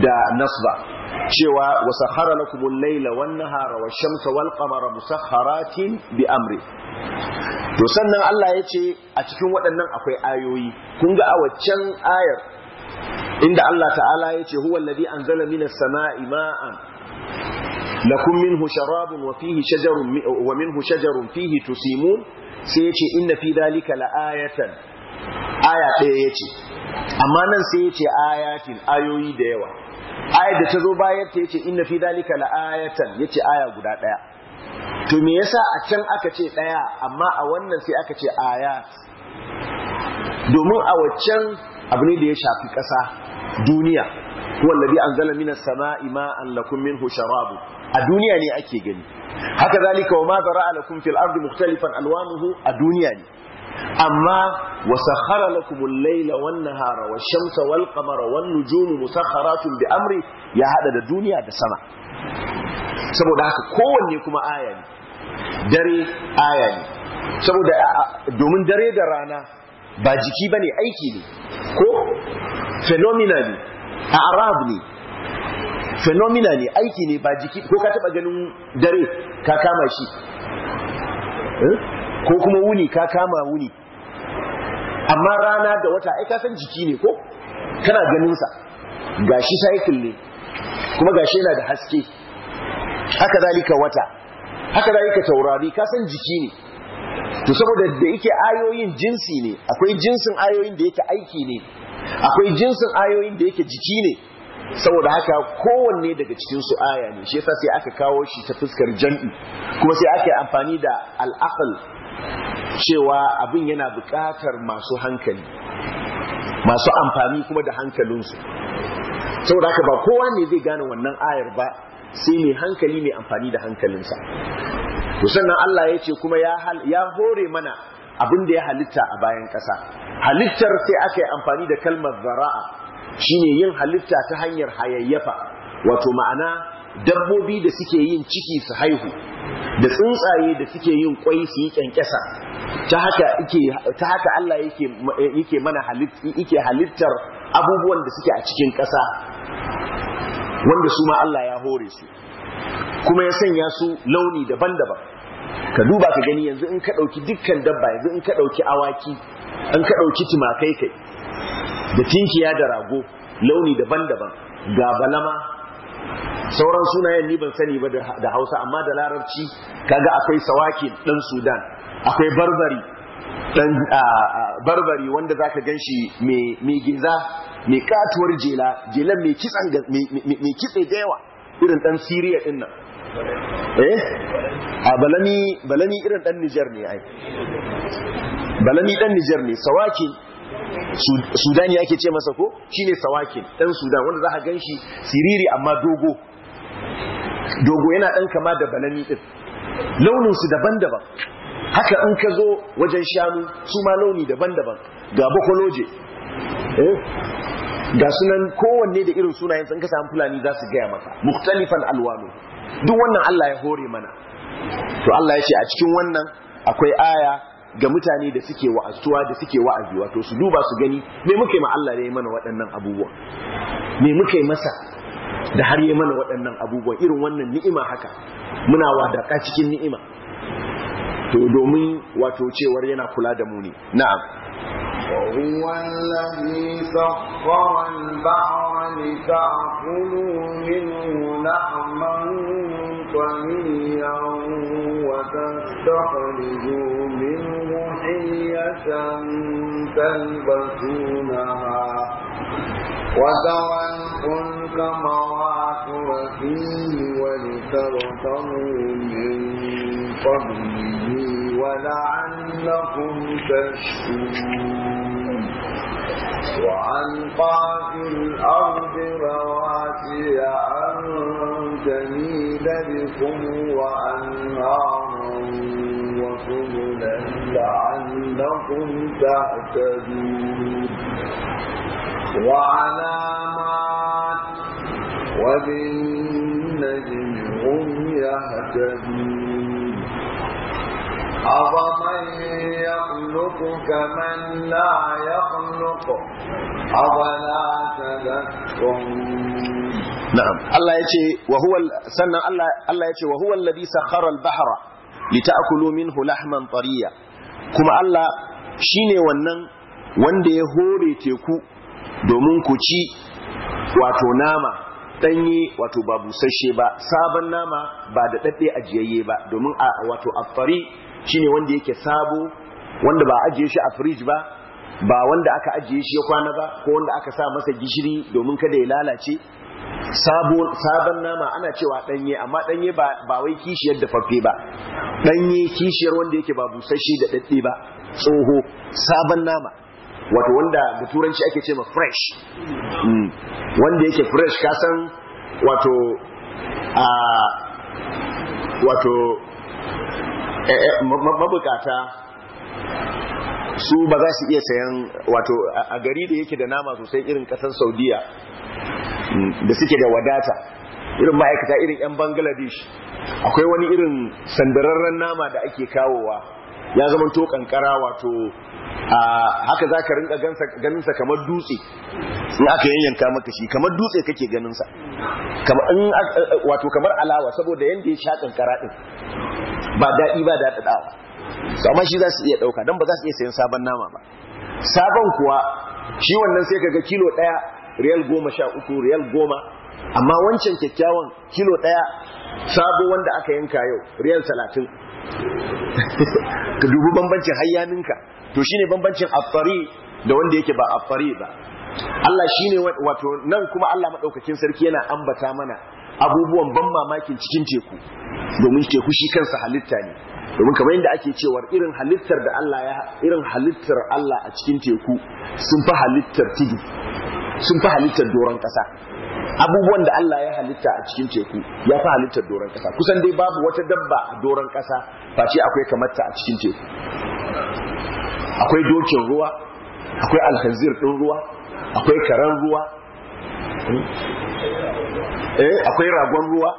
da nasba cewa wa sahara lakum al-laila wan nahara wash-shamsa wal qamara musakharatin bi amri to sannan Allah yace a cikin waɗannan akwai ayoyi kun ga a waccan ayar inda Allah ta'ala yace huwa alladhi anzala minas sama'i ma'an lakum minhu sharabun wa fihi shajarun wa minhu shajarun fihi tusimun sai yace inna fi dhalika la'ayatan aya ɗaya yace amma nan sai yace ayatin ayoyi da yawa ayar da ta zo bayan ta yace inna fi dalika la'ayatan yace aya guda daya to me yasa a can aka ce daya amma a wannan sai aka ce aya. domin a waccan abu ne da ya shafi ƙasa duniya huwa anzala minas sama'i ma'an lakum minhu sharabu a duniya ne ake gani haka zalika wa ma zara'a lakum fil ardi mukhtalifan alwanuhu a duniya ne amma wasakhara lakumul laila layla wan nahara wash shamsa wal qamara wan nujumu musakharatun bi amri ya hada da duniya da sama saboda haka kowanne kuma aya ne dare aya ne saboda domin dare da rana ba jiki bane aiki ne ko phenomena ne a'rab ne phenomena ne aiki ne ba jiki ko ka taba ganin dare ka kama shi eh? ko kuma wuni ka kama wuni amma rana da wata ai ka san jiki ne ko kana ganin sa gashi cycle ne kuma gashi yana da haske haka zalika wata haka zalika taurari ka san jiki ne to saboda da yake ayoyin jinsi ne akwai jinsin ayoyin da yake aiki ne akwai jinsin ayoyin da yake jiki ne saboda haka kowanne daga cikin su aya ne shi yasa sai aka kawo shi ta fuskar jam'i kuma sai ake amfani da al-aql cewa abin yana bukatar masu hankali masu amfani kuma da hankalinsu saboda haka ba kowa ne zai gane wannan ayar ba sai mai hankali mai amfani da hankalinsa to sannan Allah ya ce kuma ya hore mana abin da ya halitta a bayan ƙasa halittar sai aka yi amfani da kalmar zara'a shine yin halitta ta hanyar hayayyafa wato ma'ana dabbobi da suke yin ciki su haihu da tsuntsaye da suke yin kwai su yi kyankyasa ta haka Allah yake mana halittar abubuwan da suke a cikin ƙasa wanda su ma Allah ya hore su kuma ya sanya su launi daban-daban ka duba ka gani yanzu in ka ɗauki dukkan dabba yanzu in ka ɗauki awaki in ka ɗauki timakai kai da tinkiya da rago launi daban-daban ga balama sauran sunayen ni ban sani ba da hausa amma da larabci kaga akwai sawakin ɗan sudan akwai barbari ɗan barbari wanda za ka ganshi mai giza mai katuwar jela jela mai kitse da yawa irin ɗan siriya ɗin nan eh a balami irin ɗan nijar ne ai balami ɗan nijar ne sawakin sudani ake ce masa ko shine sawakin ɗan sudan wanda za a ganshi siriri amma dogo dogo yana ɗan kama da balani din launin su daban-daban haka in ka zo wajen shanu su ma launi daban-daban ga bakoloje eh? ga sunan kowanne da irin sunayen sun kasa fulani za su gaya maka mukhtalifan alwano duk wannan Allah ya hore mana to Allah ya ce a cikin wannan akwai aya ga mutane da suke wa'azuwa da suke wa'azi wato su duba su gani me muke ma Allah ne mana waɗannan abubuwa me muke masa da har ya mana waɗannan abubuwa irin wannan ni'ima haka muna wadaka cikin ni'ima to domin wato cewar yana kula da mu ne na'am وهو الذي سخر البحر تلبسونها وترى الفلك مواخر فيه ولتبتغوا من فضله ولعلكم تشكرون وألقى في الأرض رواسي أن تميد بكم وأنهارا وسبلا لعلكم لعلكم تهتدون وعلامات وبالنجم هم يهتدون أفمن يخلق كمن لا يخلق أفلا تذكرون نعم الله يجي وهو سنة الله الله يجي وهو الذي سخر البحر لتأكلوا منه لحما طريا kuma Allah shi ne wannan wanda ya hore teku domin ku ci wato nama ɗanye wato ba busasshe ba sabon nama ba da ɗaɗɗe ajiyayye ba domin a wato afari ne wanda yake sabo wanda ba ajiye shi a firij ba ba wanda aka ajiye shi ya kwana ba ko wanda aka sa masa gishiri domin kada ya lalace sabon nama ana cewa ɗanye amma ɗanye ba wai kishiyar dafaffe ba ɗanye kishiyar wanda yake ba busasshe da ɗaɗɗe ba tsoho sabon nama wato wanda da turanci ake ce ma fresh hmm. wanda yake fresh kasan wato a wato eh, eh, mabukata su ba za su iya sayan wato a gari da yake da nama sosai irin kasar saudiya mm, da suke da wadata irin ma'aikata irin 'yan bangladesh akwai wani irin sandararren nama da ake kawowa ya zama to kankara wato haka za ka rinka ganinsa kamar dutse in aka yanyanka maka shi kamar dutse kake ganinsa wato kamar alawa saboda yadda ya sha kankara din ba daɗi ba daɗaɗawa amma shi za su iya ɗauka don ba za su iya sayan sabon nama ba sabon kuwa shi wannan sai kaga kilo ɗaya riyal goma sha uku riyal goma amma wancan kyakkyawan kilo ɗaya sabo wanda aka yanka yau riyal talatin ka dubi bambancin hayyaninka to shine bambancin afari da wanda yake ba afari ba Allah shine wato nan kuma Allah madaukakin sarki yana ambata mana abubuwan ban mamakin cikin teku domin teku shi kansa halitta ne domin kamar yadda ake cewar irin halittar da Allah ya irin halittar Allah a cikin teku sun fi halittar tudu sun fi halittar doron kasa abubuwan da Allah ya halitta a cikin teku ya fi halittar doron kasa kusan dai babu wata dabba a doron kasa face akwai kamata a cikin teku akwai dokin ruwa akwai alhazir din ruwa akwai karen ruwa eh akwai ragon ruwa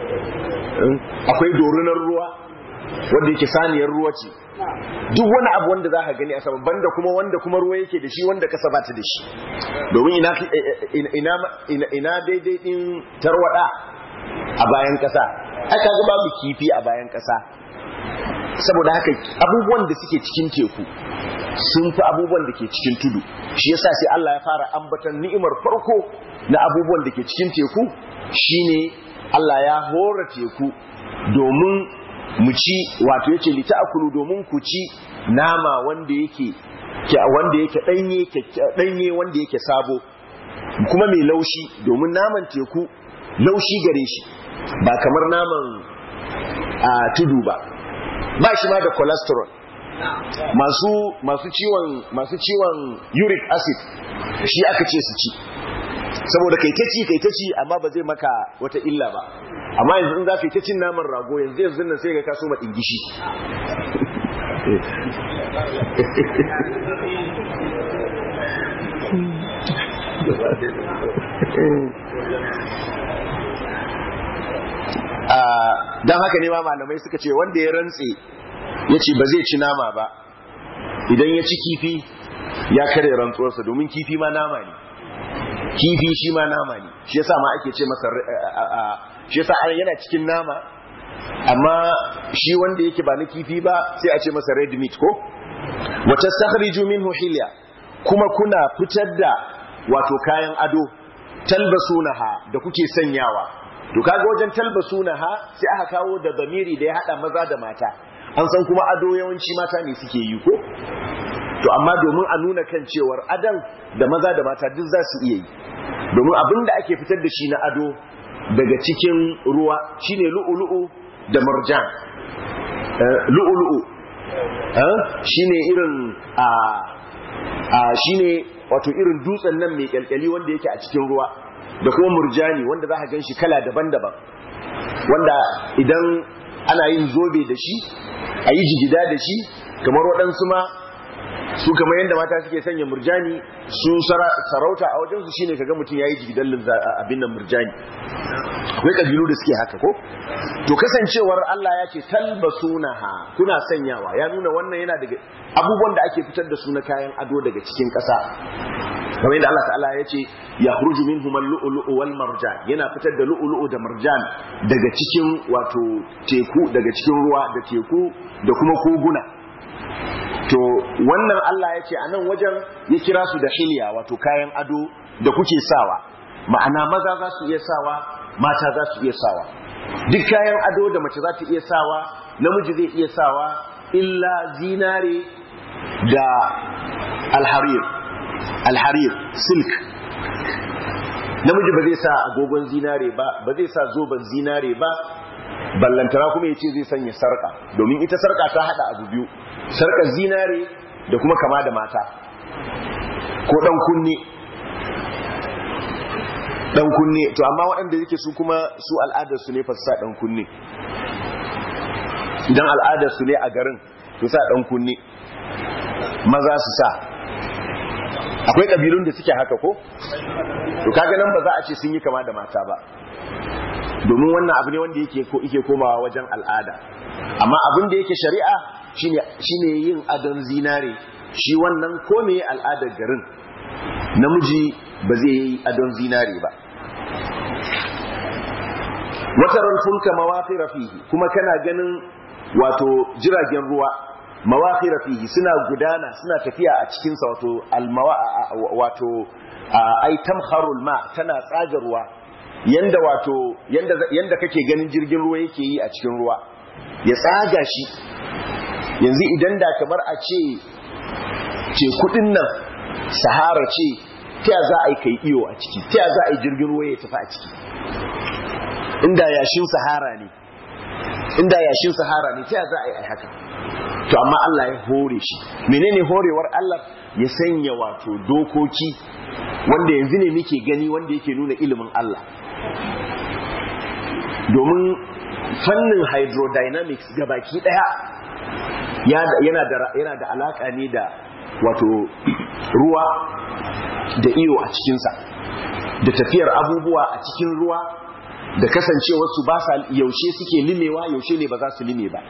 eh, akwai dorinar ruwa wanda yake saniyar ruwa ce duk wani abu wanda za ka gani a sama banda kuma wanda kuma ruwa yake da shi wanda kasa bata da shi domin ina daidai din tarwada a bayan kasa aka ga babu kifi a bayan kasa saboda haka abubuwan da suke cikin teku sun fi abubuwan da ke cikin tudu shi yasa sai Allah ya fara ambatan ni'imar farko na abubuwan da ke cikin teku shine Allah ya hora teku domin mu ci wato yace li ta'kulu domin ku ci nama wanda yake wanda yake danye danye wanda yake sabo kuma mai laushi domin naman teku laushi gare shi ba kamar naman a tudu ba ba shi ma da cholesterol masu masu ciwon masu ciwon uric acid shi aka ce su ci saboda kai ta ci kai ta ci amma ba zai maka wata illa ba amma yanzu in za ka yi ta cin naman rago yanzu yanzu nan sai ka kaso ma dingishi ah, don haka ne ma malamai suka ce wanda ya rantse ya ce ba zai ci nama ba idan ya ci kifi ya kare rantsuwarsa domin kifi ma nama ne kifi shi ma nama ne shi yasa ma ake ce masa eh, eh, eh, shi yasa yana cikin nama amma shi wanda yake ba na kifi ba sai a ce masa red meat ko wata sakhriju minhu hilya kuma kuna fitar da wato kayan ado talbasunaha da kuke sanyawa to kaga wajen talbasunaha sai aka kawo da zamiri da ya hada maza da mata an san kuma ado yawanci mata ne suke yi ko to amma domin a nuna kan cewar adan da maza da mata duk za su iya yi domin abin da ake fitar da shi na ado daga cikin ruwa shine lu'ulu'u da marjan eh, lu'ulu'u eh, shine irin a shine wato irin dutsen nan mai kyalkyali wanda yake a cikin ruwa da kuma murjani wanda za a gan shi kala daban-daban wanda idan ana yin zobe da shi a yi jigida da shi kamar waɗansu ma su kamar yadda mata suke sanya murjani su sarauta a wajensu shine kaga mutum ya yayi jigidallin abin nan murjani akwai kabilu da suke haka ko to kasancewar Allah ya ce talbasunaha kuna sanyawa ya nuna wannan yana daga abubuwan da ake fitar da su na kayan ado daga cikin ƙasa kamar yadda Allah ta'ala ya ce ya khruju minhum al-lu'lu'u wal marjan yana fitar da lu'lu'u da marjan daga cikin wato teku daga cikin ruwa da teku da kuma koguna to wannan Allah ya ce a nan wajen ya kira su da hiliya wato kayan ado da kuke sawa ma'ana maza za su iya sawa mata za su iya sawa duk kayan ado da mace za ta iya sawa namiji zai iya sawa illa zinare da alharir alharir silk namiji ba zai sa agogon zinare ba ba zai sa zoben zinare ba ballantara kuma ya ce zai sanya sarka domin ita sarka ta hada abu biyu sarkar zinare da kuma kama da mata ko dan kunne dan kunne to amma waɗanda yake su kuma su al'adar su ne fa sa dan kunne idan al'adar su ne a garin su sa dan kunne maza su sa akwai kabilun da suke haka ko to kaga nan ba za a ce sun yi kama da mata ba domin wannan abu ne wanda yake yake komawa wajen al'ada amma abin da yake shari'a shine yin adon zinare shi wannan ko me al'adar garin namiji ba zai yi adon zinare ba wataran fulka mawaqira fihi kuma kana ganin wato jiragen ruwa mawaqira fihi suna gudana suna tafiya a cikin sa wato almawa wato ai tamharul ma tana tsaga ruwa yanda wato yanda kake ganin jirgin ruwa yake yi a cikin ruwa ya tsaga shi yanzu idan da kamar a ce ce kudin nan sahara ce ta za a yi kai iyo a ciki ta za a yi jirgin ruwa ya tafi a ciki inda yashin sahara ne inda yashin sahara ne ta za a yi haka to amma Allah ya hore shi menene horewar Allah ya sanya wato dokoki wanda yanzu ne muke gani wanda yake nuna ilimin Allah domin fannin hydrodynamics gabaki daya yana da yana da alaka ne da wato ruwa da iyo a cikinsa da tafiyar abubuwa a cikin ruwa da kasancewarsu ba sa yaushe suke limewa yaushe ne ba za su lime ba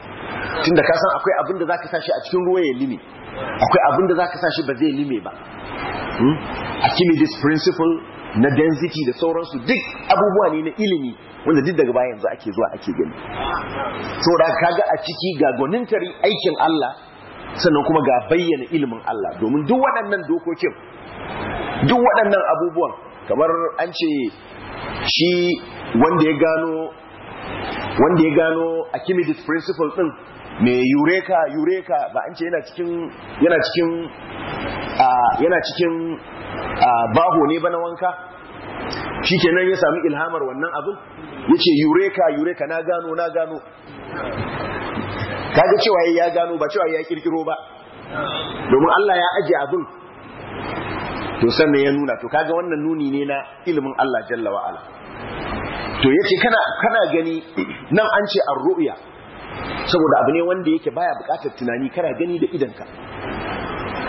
tunda ka san akwai abin da zaka sashi a cikin ruwa ya lime akwai abin da zaka sashi ba zai lime ba hmm? Archimedes principle na density da sauransu duk abubuwa ne na ilimi wanda duk daga bayan yanzu ake zuwa ake gani ka kaga a ciki ga gwanintari aikin Allah sannan kuma ga bayyana ilimin Allah domin duk waɗannan dokokin duk waɗannan abubuwan kamar an ce shi wanda ya gano wanda ya gano Archimedes principle din mai eureka eureka ba an ce yana cikin yana cikin baho ne ba na wanka shi shikenan ya sami ilhamar wannan abin yace eureka eureka na gano na gano kaga cewa ya gano ba cewa ya kirkiro ba domin Allah ya ajiye abin to sannan ya nuna to kaga wannan nuni ne na ilimin Allah jalla wa ala to yace kana kana gani nan an ce ar-ru'ya saboda abu ne wanda yake baya bukatar tunani kana gani da idanka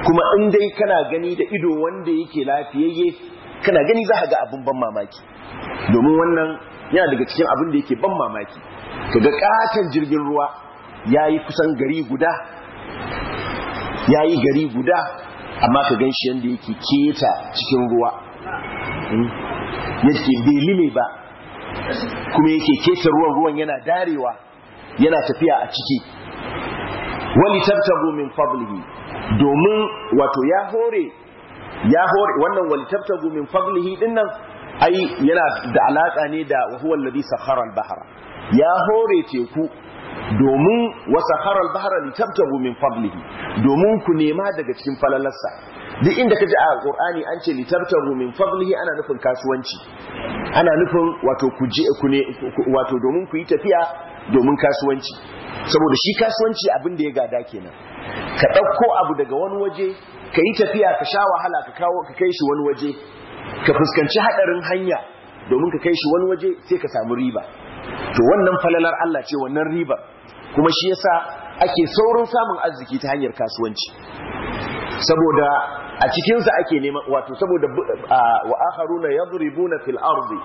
kuma in dai kana gani da ido wanda yake lafiyayye kana gani za ka ga abun ban mamaki domin wannan yana daga cikin abin da yake ban mamaki To da katon jirgin ruwa yayi kusan gari guda yayi gari guda amma ka gan shi yadda yake keta cikin ruwa hmm? yake belile ba kuma yake keta ruwan ruwan yana darewa yana tafiya a ciki wani tabtabu min fablihi domin wato ya hore ya hore wannan wani tabtabu min fablihi dinnan ai yana da alaka ne da wahuwan ladisa haral bahara ya hore teku domin wasa haral bahara litabtahu min fablihi domin ku nema daga cikin falalarsa duk inda ka ji a ƙur'ani an ce litabtahu min fablihi ana nufin kasuwanci ana nufin wato ku je ku ne wato domin ku yi tafiya domin kasuwanci saboda shi kasuwanci abin da ya gada kenan ka ɗauko abu daga wani waje ka yi tafiya ka sha wahala ka kawo ka kai shi wani waje ka fuskanci haɗarin hanya domin ka kai shi wani waje sai ka samu riba to wannan falalar Allah ce wannan ribar kuma shi yasa ake saurin samun arziki ta hanyar kasuwanci saboda a cikinsa ake nema wato saboda wa akharuna yadribuna fil ardi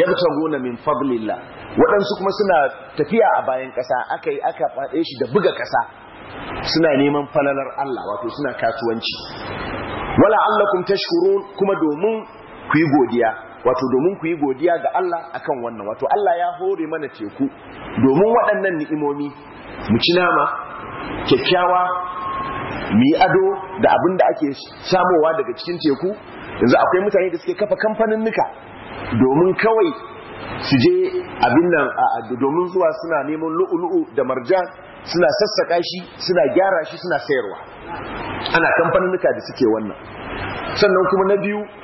yabtaguna min fadlillah waɗansu kuma suna tafiya a bayan ƙasa aka yi aka faɗe shi da buga ƙasa suna neman falalar Allah wato suna kasuwanci wala allakum tashkurun kuma domin ku yi godiya wato domin ku yi godiya ga Allah akan wannan wato Allah ya hore mana teku domin waɗannan ni'imomi mu ci nama kyakkyawa mu yi ado da abin da ake samowa daga cikin teku yanzu akwai mutane da suke kafa kamfanin nuka domin kawai su je abin nan a domin zuwa suna neman lu'ulu'u da marjan suna sassaka shi suna gyara shi suna sayarwa ana kamfanin nuka da suke wannan sannan kuma na biyu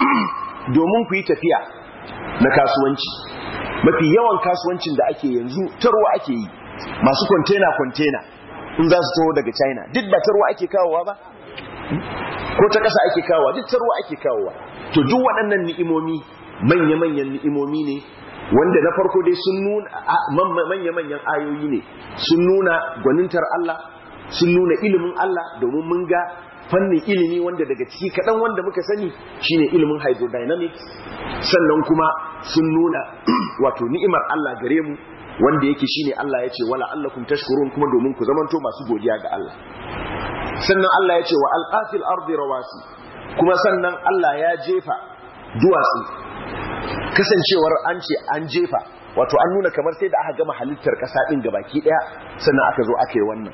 domin ku yi tafiya na kasuwanci mafi yawan kasuwancin da ake yanzu tarwa ake yi masu kwantena kwantena in za su taho daga china duk ba tarwa ake kawowa ba ko ta ƙasa ake kawowa duk tarwa ake kawowa to duk waɗannan ni'imomi manya-manyan ni'imomi ne wanda na farko dai sun nuna manya-manyan ayoyi ne sun nuna gwanintar Allah sun nuna ilimin Allah domin mun ga fannin ilimi wanda daga ciki kaɗan wanda muka sani shine ilimin hydrodynamics sannan kuma sun nuna wato ni'imar Allah gare mu wanda yake shine Allah ya ce wala allakum tashkurun kuma domin ku zamanto masu godiya ga Allah sannan Allah ya ce wa alqafil ardi rawasi kuma sannan Allah ya jefa duwatsu kasancewar an ce an jefa wato an nuna kamar sai da aka gama halittar ƙasa ɗin gabaki ɗaya sannan aka zo aka yi wannan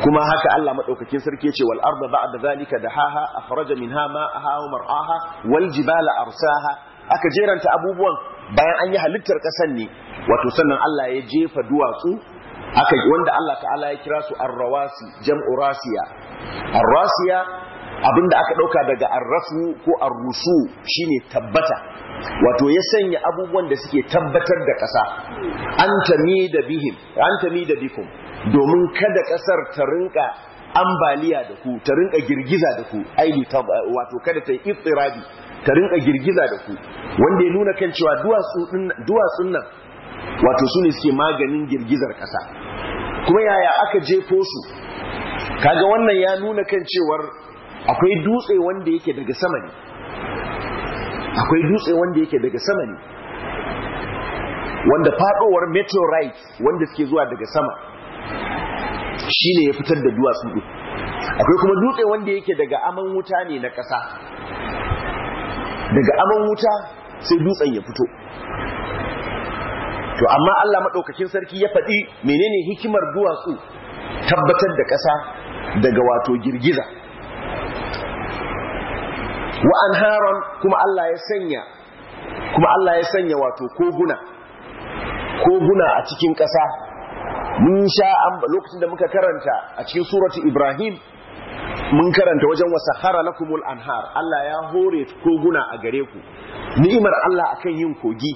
kuma haka Allah madaukakin sarki yace wal arda ba'da zalika dahaha akhraja minha ma'aha wa mar'aha wal jibala arsaha aka jeranta abubuwan bayan an yi halittar kasan ne wato sannan Allah ya jefa duwatsu aka wanda Allah ta'ala ya kira su arrawasi jam'u rasiya arrasiya abinda aka ɗauka daga arrafu ko arrusu shine tabbata wato ya sanya abubuwan da suke tabbatar da ƙasa an tami da bihim an tami da bikum domin kada ƙasar ta rinka ambaliya da ku ta rinka girgiza da ku aili wato kada ta yi iftirabi ta rinka girgiza da ku wanda ya nuna kan cewa duwatsun nan wato su ne suke maganin girgizar ƙasa kuma yaya aka jefo su kaga wannan ya nuna kan cewar akwai dutse wanda yake daga sama ne akwai dutse wanda yake daga sama ne wanda fadowar meteorite wanda suke zuwa daga sama shine ya fitar da duwatsu ne. akwai kuma dutse wanda yake daga aman wuta ne na ƙasa daga aman wuta sai dutsen ya fito to amma Allah madaukakin sarki ya faɗi menene hikimar duwatsu tabbatar da ƙasa daga wato girgiza wa anharan kuma Allah ya sanya kuma Allah ya sanya wato koguna koguna a cikin ƙasa mun sha lokacin da muka karanta a cikin suratu Ibrahim mun karanta wajen wasahara lakumul anhar Allah ya hore koguna a gare ku ni'imar Allah akan yin kogi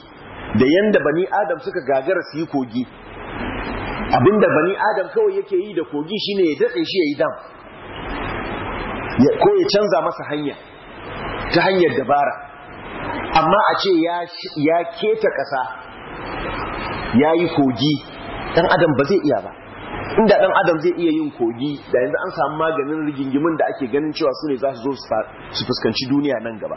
da yanda bani Adam suka gagara su yi kogi abinda bani Adam kawai yake yi da kogi shine ya datse shi ya yi dam ko ya canza masa hanya ta hanyar dabara amma a ce ya keta ƙasa ya yi kogi ɗan adam ba zai iya ba inda ɗan adam zai iya yin kogi da yanzu an samu maganin rigingimin da ake ganin cewa su ne za su zo su fuskanci duniya nan gaba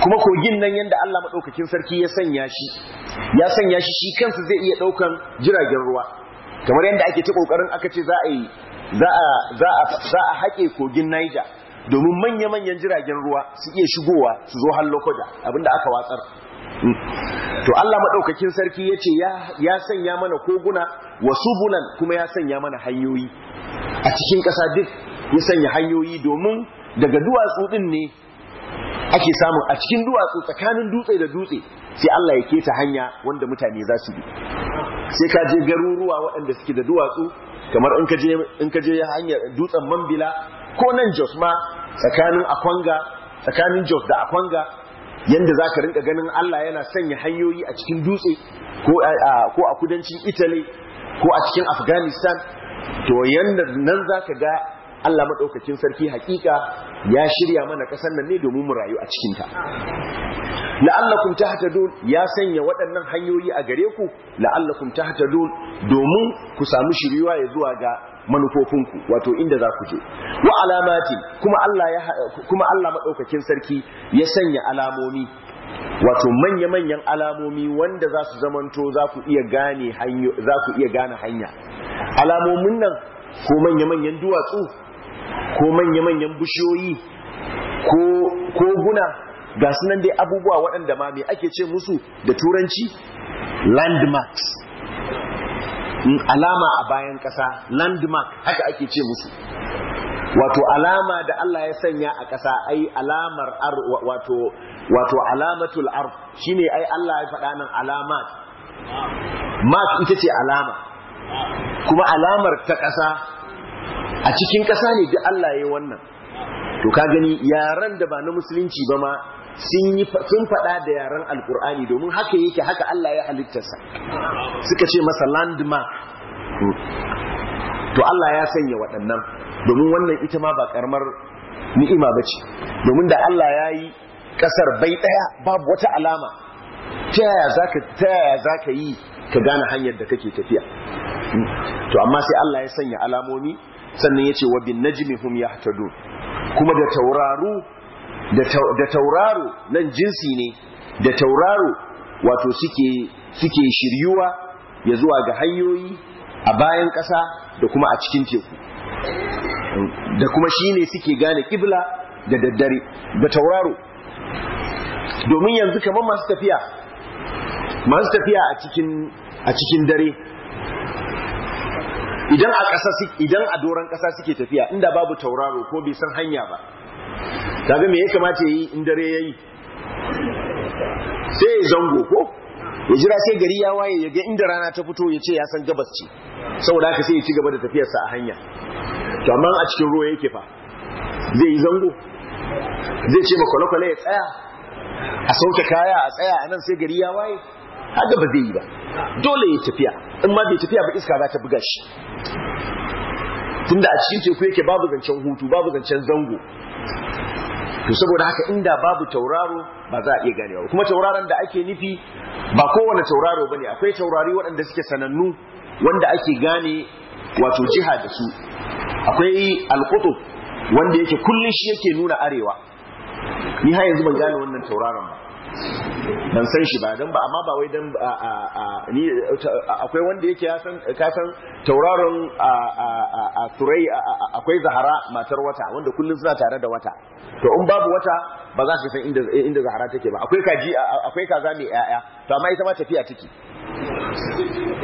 kuma kogin nan yadda Allah maɗaukakin sarki ya sanya shi ya sanya shi shi kansa zai iya ɗaukan jiragen ruwa kamar yadda ake ta ƙoƙarin aka ce za a haƙe kogin Niger domin manya-manyan jiragen ruwa su iya shigowa su zo har koda abinda aka watsar hmm. to Allah maɗaukakin sarki ya ce ya sanya mana koguna wasu bulan kuma ya sanya mana hanyoyi a cikin ƙasa duk ya sanya hanyoyi domin daga duwatsu ɗin ne ake samun a cikin duwatsu tsakanin dutse da dutse sai Allah ya keta hanya wanda mutane za su bi sai ka je garuruwa waɗanda suke da duwatsu kamar in ka je hanyar dutsen mambila ko nan Jos ma tsakanin Akwanga tsakanin Jos da Akwanga yadda za ka rinka ganin Allah yana sanya hanyoyi a cikin dutse ko a kudancin Italy ko a cikin Afghanistan to yadda nan za ka ga Allah maɗaukakin sarki hakika ya shirya mana ƙasar nan ne domin mu rayu a cikinta. La'allakum tahtadun ya sanya waɗannan hanyoyi a gare ku la'allakum tahtadun domin ku samu shiriwa ya zuwa ga manufofinku wato inda za ku je wa alamati kuma Allah ya kuma Allah madaukakin sarki ya sanya alamomi wato manya-manyan alamomi wanda za su zamanto za ku iya gane hanyo za ku iya gane hanya alamomin nan ko manya-manyan duwatsu ko manya-manyan bishiyoyi ko koguna ga sunan dai abubuwa waɗanda ma me ake ce musu da turanci landmarks alama a bayan ƙasa landmark haka ake ce musu wato alama da Allah ya sanya a ƙasa ai alamar ar wato wato alamatul ar shine ai Allah ya faɗa nan alamat Mark ita ce alama kuma alamar ta ƙasa a cikin ƙasa ne da Allah ya yi wannan to ka gani yaran da ba na musulunci ba ma sun faɗa da yaren alkur'ani domin haka yake haka Allah ya halittarsa suka ce masa landmark hmm. to Allah ya sanya waɗannan domin wannan ita ma ba karamar ni'ima ba ce domin da Allah ya yi ƙasar bai ɗaya babu wata alama ta yaya za ka yi ka gane hanyar da kake tafiya hmm. to amma sai Allah ya sanya alamomi sannan ya ce wa bin najmihum yahtadun kuma da tauraru da tauraro nan jinsi ne da tauraro wato suke shiryuwa ya zuwa ga hanyoyi a bayan kasa da kuma a cikin teku da kuma shi ne suke gane kibla da daddare da tauraro domin yanzu kamar masu tafiya masu tafiya a cikin dare idan a doron ƙasa suke tafiya inda babu tauraro ko bai san hanya ba kaga me ya kamata yi in dare yayi sai ya zango ko ya jira sai gari ya waye ya ga inda rana ta fito ya ce ya san gabas ce saboda haka sai ya ci gaba da tafiyarsa a hanya to amma a cikin ruwa yake fa zai yi zango zai ce makwale-kwale ya tsaya a sauke kaya a tsaya a nan sai gari ya waye haka ba zai yi ba dole ya tafiya in ma bai tafiya ba iska za ta buga shi tunda a cikin teku yake babu zancen hutu babu zancen zango to saboda haka inda babu tauraro ba za a iya ganewa kuma tauraron da ake nufi ba kowane tauraro bane akwai taurari waɗanda suke sanannu wanda ake gane wato jiha da su akwai alqutub wanda yake kullun shi yake nuna arewa ni har yanzu ban gane wannan tauraron ba ban san shi ba dan ba amma ba wai dan ni akwai wanda yake ya san ka san tauraron a turai akwai zahara matar wata wanda kullum suna tare da wata to in babu wata ba za ka san inda zahara take ba akwai kaji akwai kaza mai yaya to amma ita ma tafiya take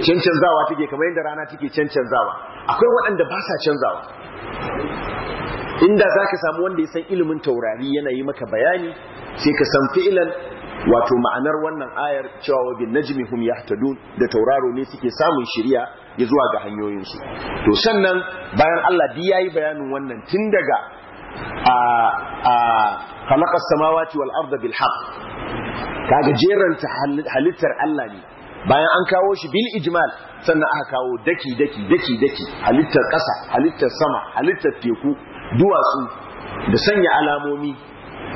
cancanzawa take kamar yadda rana take cancanzawa akwai waɗanda ba sa canzawa inda za ka samu wanda ya san ilimin taurari yana yi maka bayani sai ka san fi'ilan wato ma'anar wannan ayar cewa wa bin najmi hum yahtadun da tauraro ne suke samun shiriya ya zuwa ga hanyoyinsu to sannan bayan Allah bi yayi bayanin wannan tun daga a a khalaqa samawati wal arda bil haqq kaga ta halittar Allah ne bayan an kawo shi bil ijmal sannan aka kawo daki daki daki daki halittar ƙasa halittar sama halittar teku duwatsu da sanya alamomi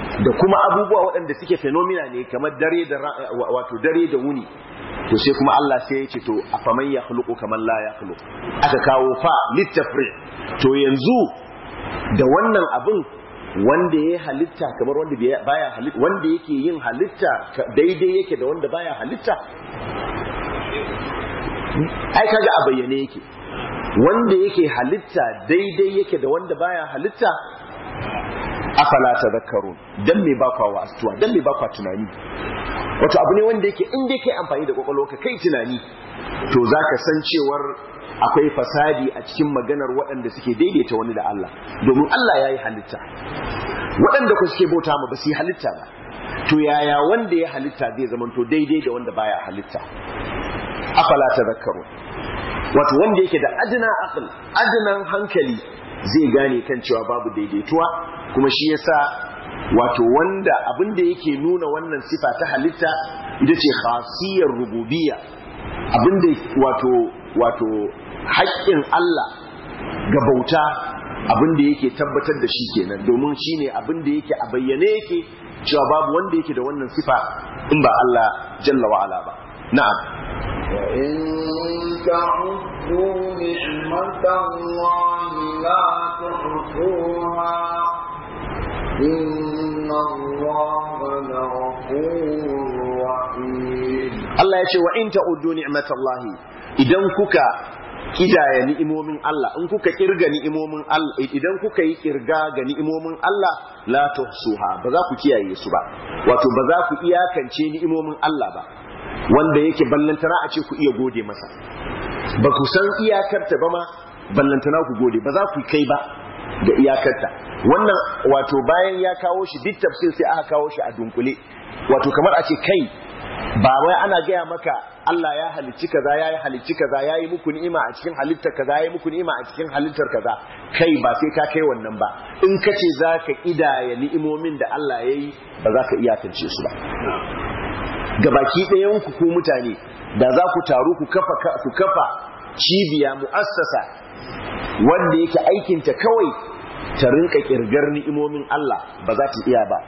da kuma abubuwa waɗanda suke fenomena ne kamar dare da wato dare da wuni to sai kuma Allah sai ya ce to afaman yakhluqu kaman la yakhluq aka kawo fa litafri to yanzu da wannan abin wanda ya halitta kamar wanda baya halitta wanda yake yin halitta daidai yake da wanda baya halitta ai kaga a bayyane yake wanda yake halitta daidai yake da wanda baya halitta afala ta zakaru dan me ba wa astuwa dan me ba tunani wato abu ne wanda yake in dai kai amfani da ka kai tunani to zaka san cewar akwai fasadi a cikin maganar waɗanda suke daidaita wani da Allah domin Allah ya yi halitta waɗanda ku suke bauta ma ba su yi halitta ba to yaya wanda ya halitta zai zamanto daidai da wanda baya halitta afala ta zakaru wato wanda yake da ajina aql ajinan hankali zai gane kan cewa babu daidaituwa kuma shi yasa wato wanda abin da yake nuna wannan sifa ta halitta ita ce khasiyar rububiyya abin da wato wato haƙƙin Allah ga bauta abin da yake tabbatar da shi kenan domin shine abin da yake a bayyane yake cewa babu wanda yake da wannan sifa in ba Allah jalla wa ala ba na'am واذكروا نعمة الله لا تحصوها إن الله لغفور رحيم الله يقول وإن تعدوا نعمة الله إذا كُكَ kidaya ni'imomin Allah in kuka kirga ni'imomin Allah idan kuka yi kirga ga ni'imomin Allah la tuhsuha ba za ku kiyaye su ba wato ba za ku iyakance ni'imomin Allah ba wanda yake ballantana a ce ku iya gode masa ba ku san iyakarta ba ma ballantana ku gode ba za ku kai ba ga iyakarta wannan wato bayan ya kawo shi duk tafsir sai aka kawo shi a dunkule wato kamar a ce kai ba wai ana gaya maka Allah ya halicci kaza ya yi halicci kaza ya yi muku ni'ima a cikin halittar kaza ya yi muku ni'ima a cikin halittar kaza kai ba sai ka kai wannan ba in ka ce za ka ƙidaya ni'imomin da Allah ya yi ba za ka iyakance su ba gabaki ɗayan ku ko mutane da za ku taru ku kafa ku kafa cibiya mu'assasa wanda yake aikinta kawai ta rinka kirgar ni'imomin Allah ba za ta iya ba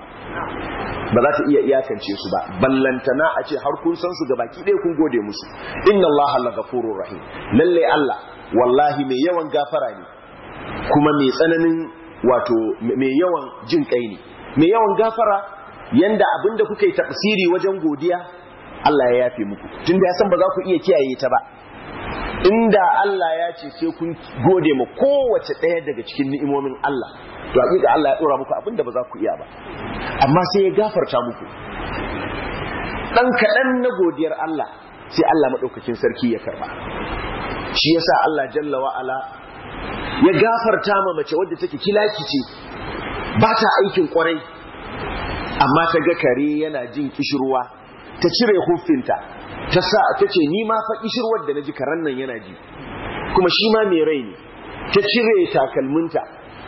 ba za ta iya iyakance su ba ballantana a ce har kun san su gabaki ɗaya kun gode musu inna Allah la ghafurur rahim lalle Allah wallahi mai yawan gafara ne kuma mai tsananin wato mai yawan jin kai ne mai yawan gafara yanda abinda kuka yi tafsiri wajen godiya Allah ya yafe muku tunda ya san ba za ku iya kiyaye ta ba inda Allah ya ce sai kun gode ma kowace ɗaya daga cikin ni'imomin Allah to haƙiƙa Allah ya dora muku abinda ba za ku iya ba amma sai ya gafarta muku dan kaɗan na godiyar Allah sai Allah maɗaukakin sarki ya karba shi yasa Allah jalla wa'ala ya gafarta ma mace wadda take kilaki ce ba ta aikin kwarai amma ta ga kare yana jin kishirwa ta cire hufinta ta sa ta ce ni ma fa kishirwar da naji karen nan yana ji kuma shi ma mai rai ne ta cire takalminta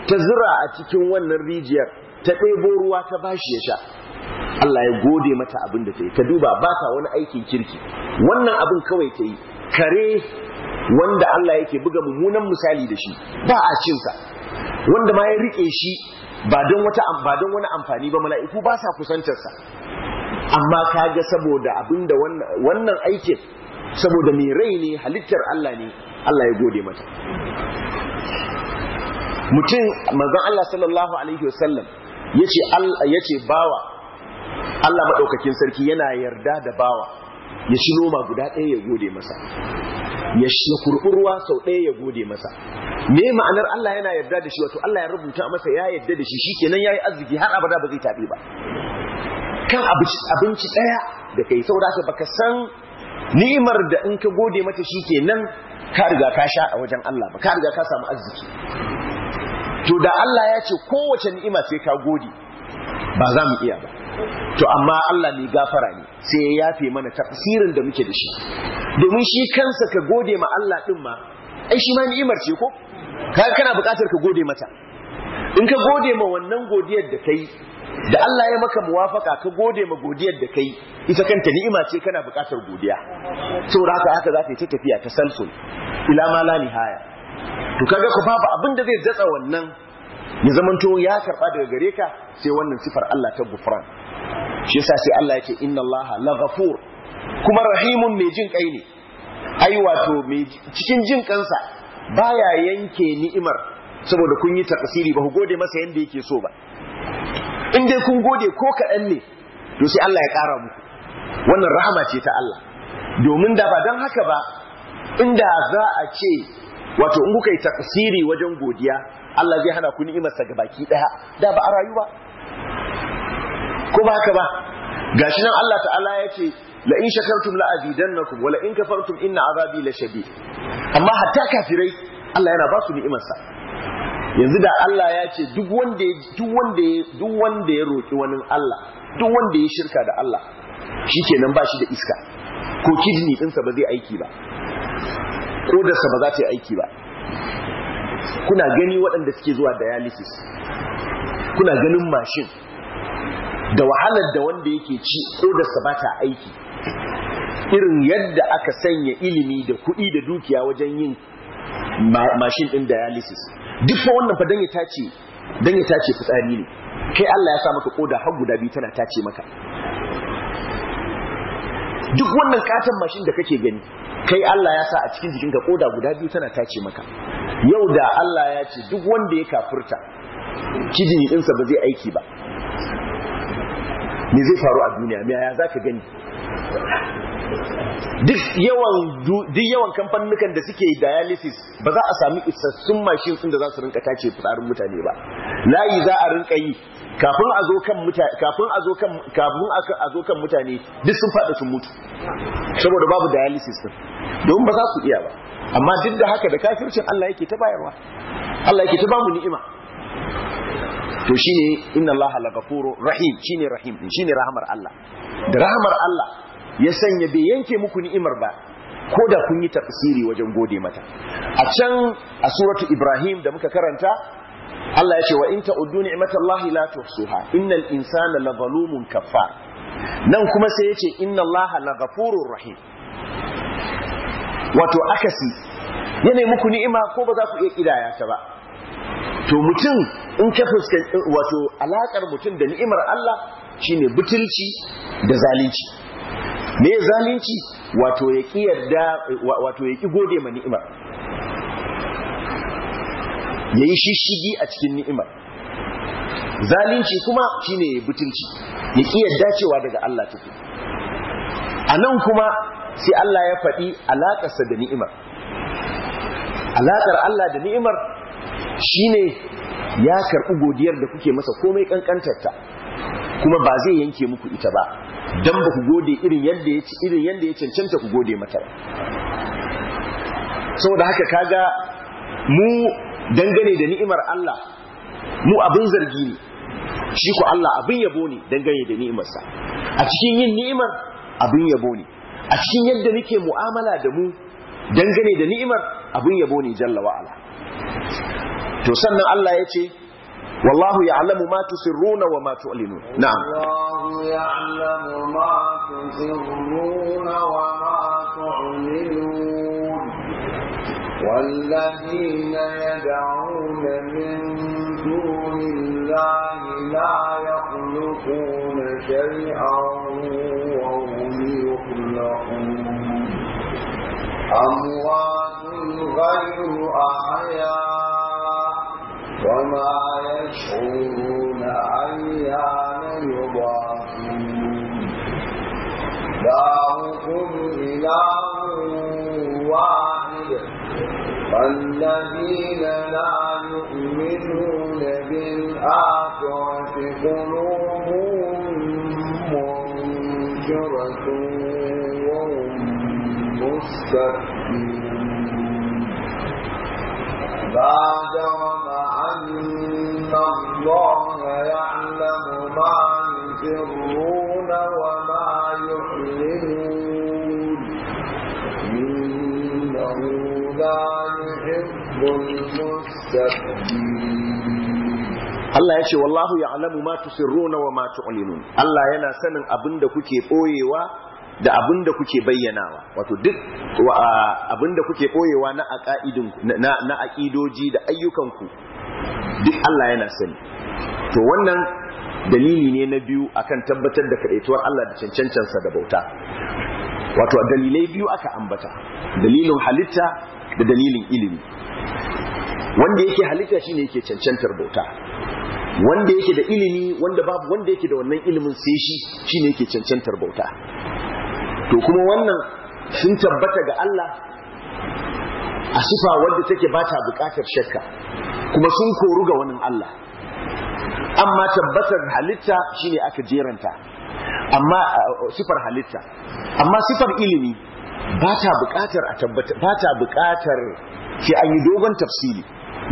ta zura a cikin wannan rijiyar ta ɗebo ruwa ta bashi ya sha Allah ya gode mata abin da ta yi Ta duba ba ta wani aikin kirki wannan abin kawai ta yi kare wanda Allah yake buga mummunan misali da shi ba a cinsa wanda ma ya rike shi ba don wata ba don wani amfani ba mala'iku ba sa kusantarsa amma kaga saboda abinda wannan aikin saboda mai rai ne halittar Allah ne Allah ya gode mata mutum manzon Allah sallallahu alaihi wasallam yace yace bawa Allah madaukakin sarki yana yarda da bawa ya ci noma guda ɗaya ya gode masa ya kurɓi ruwa sau ɗaya ya gode masa me ma'anar Allah yana yarda da shi wato Allah ya rubuta masa ya yarda da shi shikenan yayi arziki har abada ba zai tabe ba kan abinci ɗaya da kai saboda haka ka san ni'imar da in ka gode mata shi shikenan ka riga ka sha a wajen Allah ba ka riga ka samu arziki to da Allah ya ce kowace ni'ima sai ka gode ba za mu iya ba to amma Allah mai gafara ne sai ya yafe mana tafsirin da muke da shi domin shi kansa ka gode ma Allah din ma ai shi ma ni'imar ce ko kaga kana buƙatar ka gode mata in ka gode ma wannan godiyar da kai da Allah ya maka muwafaka ka gode ma godiyar da kai ita kanta ni'ima ce kana buƙatar godiya saboda haka haka za ta yi ta tafiya ta sansu ila ma la nihaya to kaga ku babu abin da zai datsa wannan ya zamanto ya karba daga gare ka sai wannan sifar Allah ta gufran shi yasa sai Allah yake inna Allah la ghafur kuma rahimun mai jin kai ne ai wato cikin jin kansa baya yanke ni'imar saboda kun yi takasiri ba ku gode masa yanda yake so ba in dai kun gode ko kaɗan ne to sai Allah ya ƙara muku wannan rahama ce ta Allah domin da ba don haka ba inda za a ce wato in kuka yi takasiri wajen godiya Allah zai hana ku ni'imarsa ga baki daya da ba a rayu ba ko ba haka ba gashi nan Allah ta'ala ya ce la in shakartum la azidannakum wa la in kafartum inna azabi la shadid amma hatta kafirai Allah yana ba su ni'imarsa yanzu da Allah ya ce duk wanda duk wanda duk wanda ya roki wani Allah duk wanda ya shirka da Allah shikenan ba shi da iska ko kidney ɗinsa ba zai aiki ba Ko sa ba za ta yi aiki ba kuna gani waɗanda suke zuwa dialysis kuna ganin mashin da wahalar da wanda yake ci ko da sabata aiki irin yadda aka sanya ilimi da kuɗi da dukiya wajen yin mashin ɗin dialysis duk fa wannan fa dan tace danya tace fitsari ne kai Allah ya sa maka koda har guda biyu tana tace maka duk wannan katon mashin da kake gani kai Allah ya sa a cikin jikinka koda guda biyu tana tace maka yau da Allah ya ce duk wanda ya kafurta kidini ɗinsa ba zai aiki ba me zai faru a duniya me ya za ka gani duk yawan kamfanukan da suke dialysis ba za a sami isassun mashin sun da za su rinka tace fitsarin mutane ba layi za a rinka yi kafin a zo kan mutane kafin a zo kan kafin a zo kan mutane duk sun fada sun mutu saboda babu dialysis din don ba za su iya ba amma duk da haka da kafircin Allah yake ta bayarwa Allah yake ta ba mu ni'ima to shine inna Allah la ghafuru rahim shine rahim din shine rahamar Allah da rahamar Allah ya sanya bai yanke muku ni'imar ba ko da kun yi tafsiri wajen gode mata a can a suratu Ibrahim da muka karanta Allah ya ce wa in ta'uddu ni'matallahi la tuhsuha innal insana la zalumun kaffar nan kuma sai ya ce inna Allaha la ghafurur rahim wato akasi yana muku ni'ima ko ba za ku iya kidaya ta ba to mutum in ka fuskanci wato alakar mutum da ni'imar Allah shine butulci da zalunci me zalunci wato ya kiyarda wato ya ki gode ma ni'imar ya yi shishigi a cikin ni'imar zalunci kuma shine ya butulci ya ki yadda cewa daga Allah take a nan kuma sai Allah ya faɗi alaƙarsa da ni'imar alaƙar Allah da ni'imar shine ya karɓi godiyar da kuke masa komai ƙanƙantarta kuma ba zai yanke muku ita ba don ba ku gode irin yadda ya ci irin yadda ya cancanta ku gode mata saboda haka kaga mu dangane da ni'imar Allah mu abin zargi ne shi ku Allah abin yabo ne dangane da ni'imarsa a cikin yin ni'imar abin yabo ne a cikin yadda nake mu'amala da mu dangane da ni'imar abin yabo ne jalla wa'ala to sannan Allah ya ce wallahu ya'lamu ma tusirruna wa ma tu'linun na'am wallahu ya'lamu ma tusirruna wa والذين يدعون من دون الله لا يخلقون شيئا وهم يخلقون أموات غير أحياء وما يشعرون أيان يبعثون دعوكم إله واحد والذين لا يؤمنون بالآخرة قلوبهم منكرة وهم مستكبرون بعد أن الله يعلم ما يسرون وما يحبون Allah ya ce wallahu ya'lamu ma tusirruna wa ma tu'linun Allah yana sanin abinda kuke boyewa da abinda kuke bayyanawa wato duk abinda kuke boyewa na aqaidin na na aqidoji da ayyukanku duk Allah yana sani to wannan dalili ne na biyu akan tabbatar da kadaituwar Allah da cancancansa da bauta wato dalilai biyu aka ambata dalilin halitta da dalilin ilimi wanda yake halitta shine yake cancantar bauta wanda yake da ilimi wanda babu wanda yake da wannan ilimin sai shi shine yake cancantar bauta to kuma wannan sun tabbata ga Allah a sifa wanda take ba ta bukatar shakka kuma sun koru ga wani Allah amma tabbatar halitta shine aka jeranta amma uh, sifar halitta amma sifar ilimi ba ta bukatar a tabbata ba ta bukatar sai an yi dogon tafsiri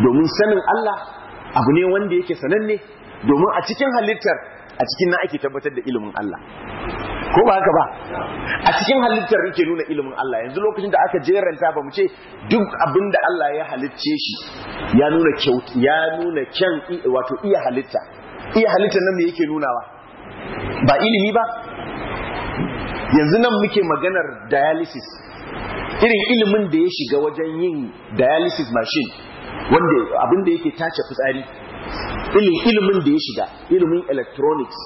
domin sanin Allah abu ne wanda yake sananne domin a cikin halittar a cikin na ake tabbatar da ilimin Allah ko ba haka ba a cikin halittar yake nuna ilimin Allah yanzu lokacin da aka jeranta ba mu ce duk abin da Allah ya halicce shi ya nuna ya nuna kyan wato iya halitta iya halitta nan me yake nunawa ba ilimi ba yanzu nan muke maganar dialysis irin ilimin da ya shiga wajen yin dialysis machine wanda abin da yake tace fitsari ilimin da ya shiga ilimin electronics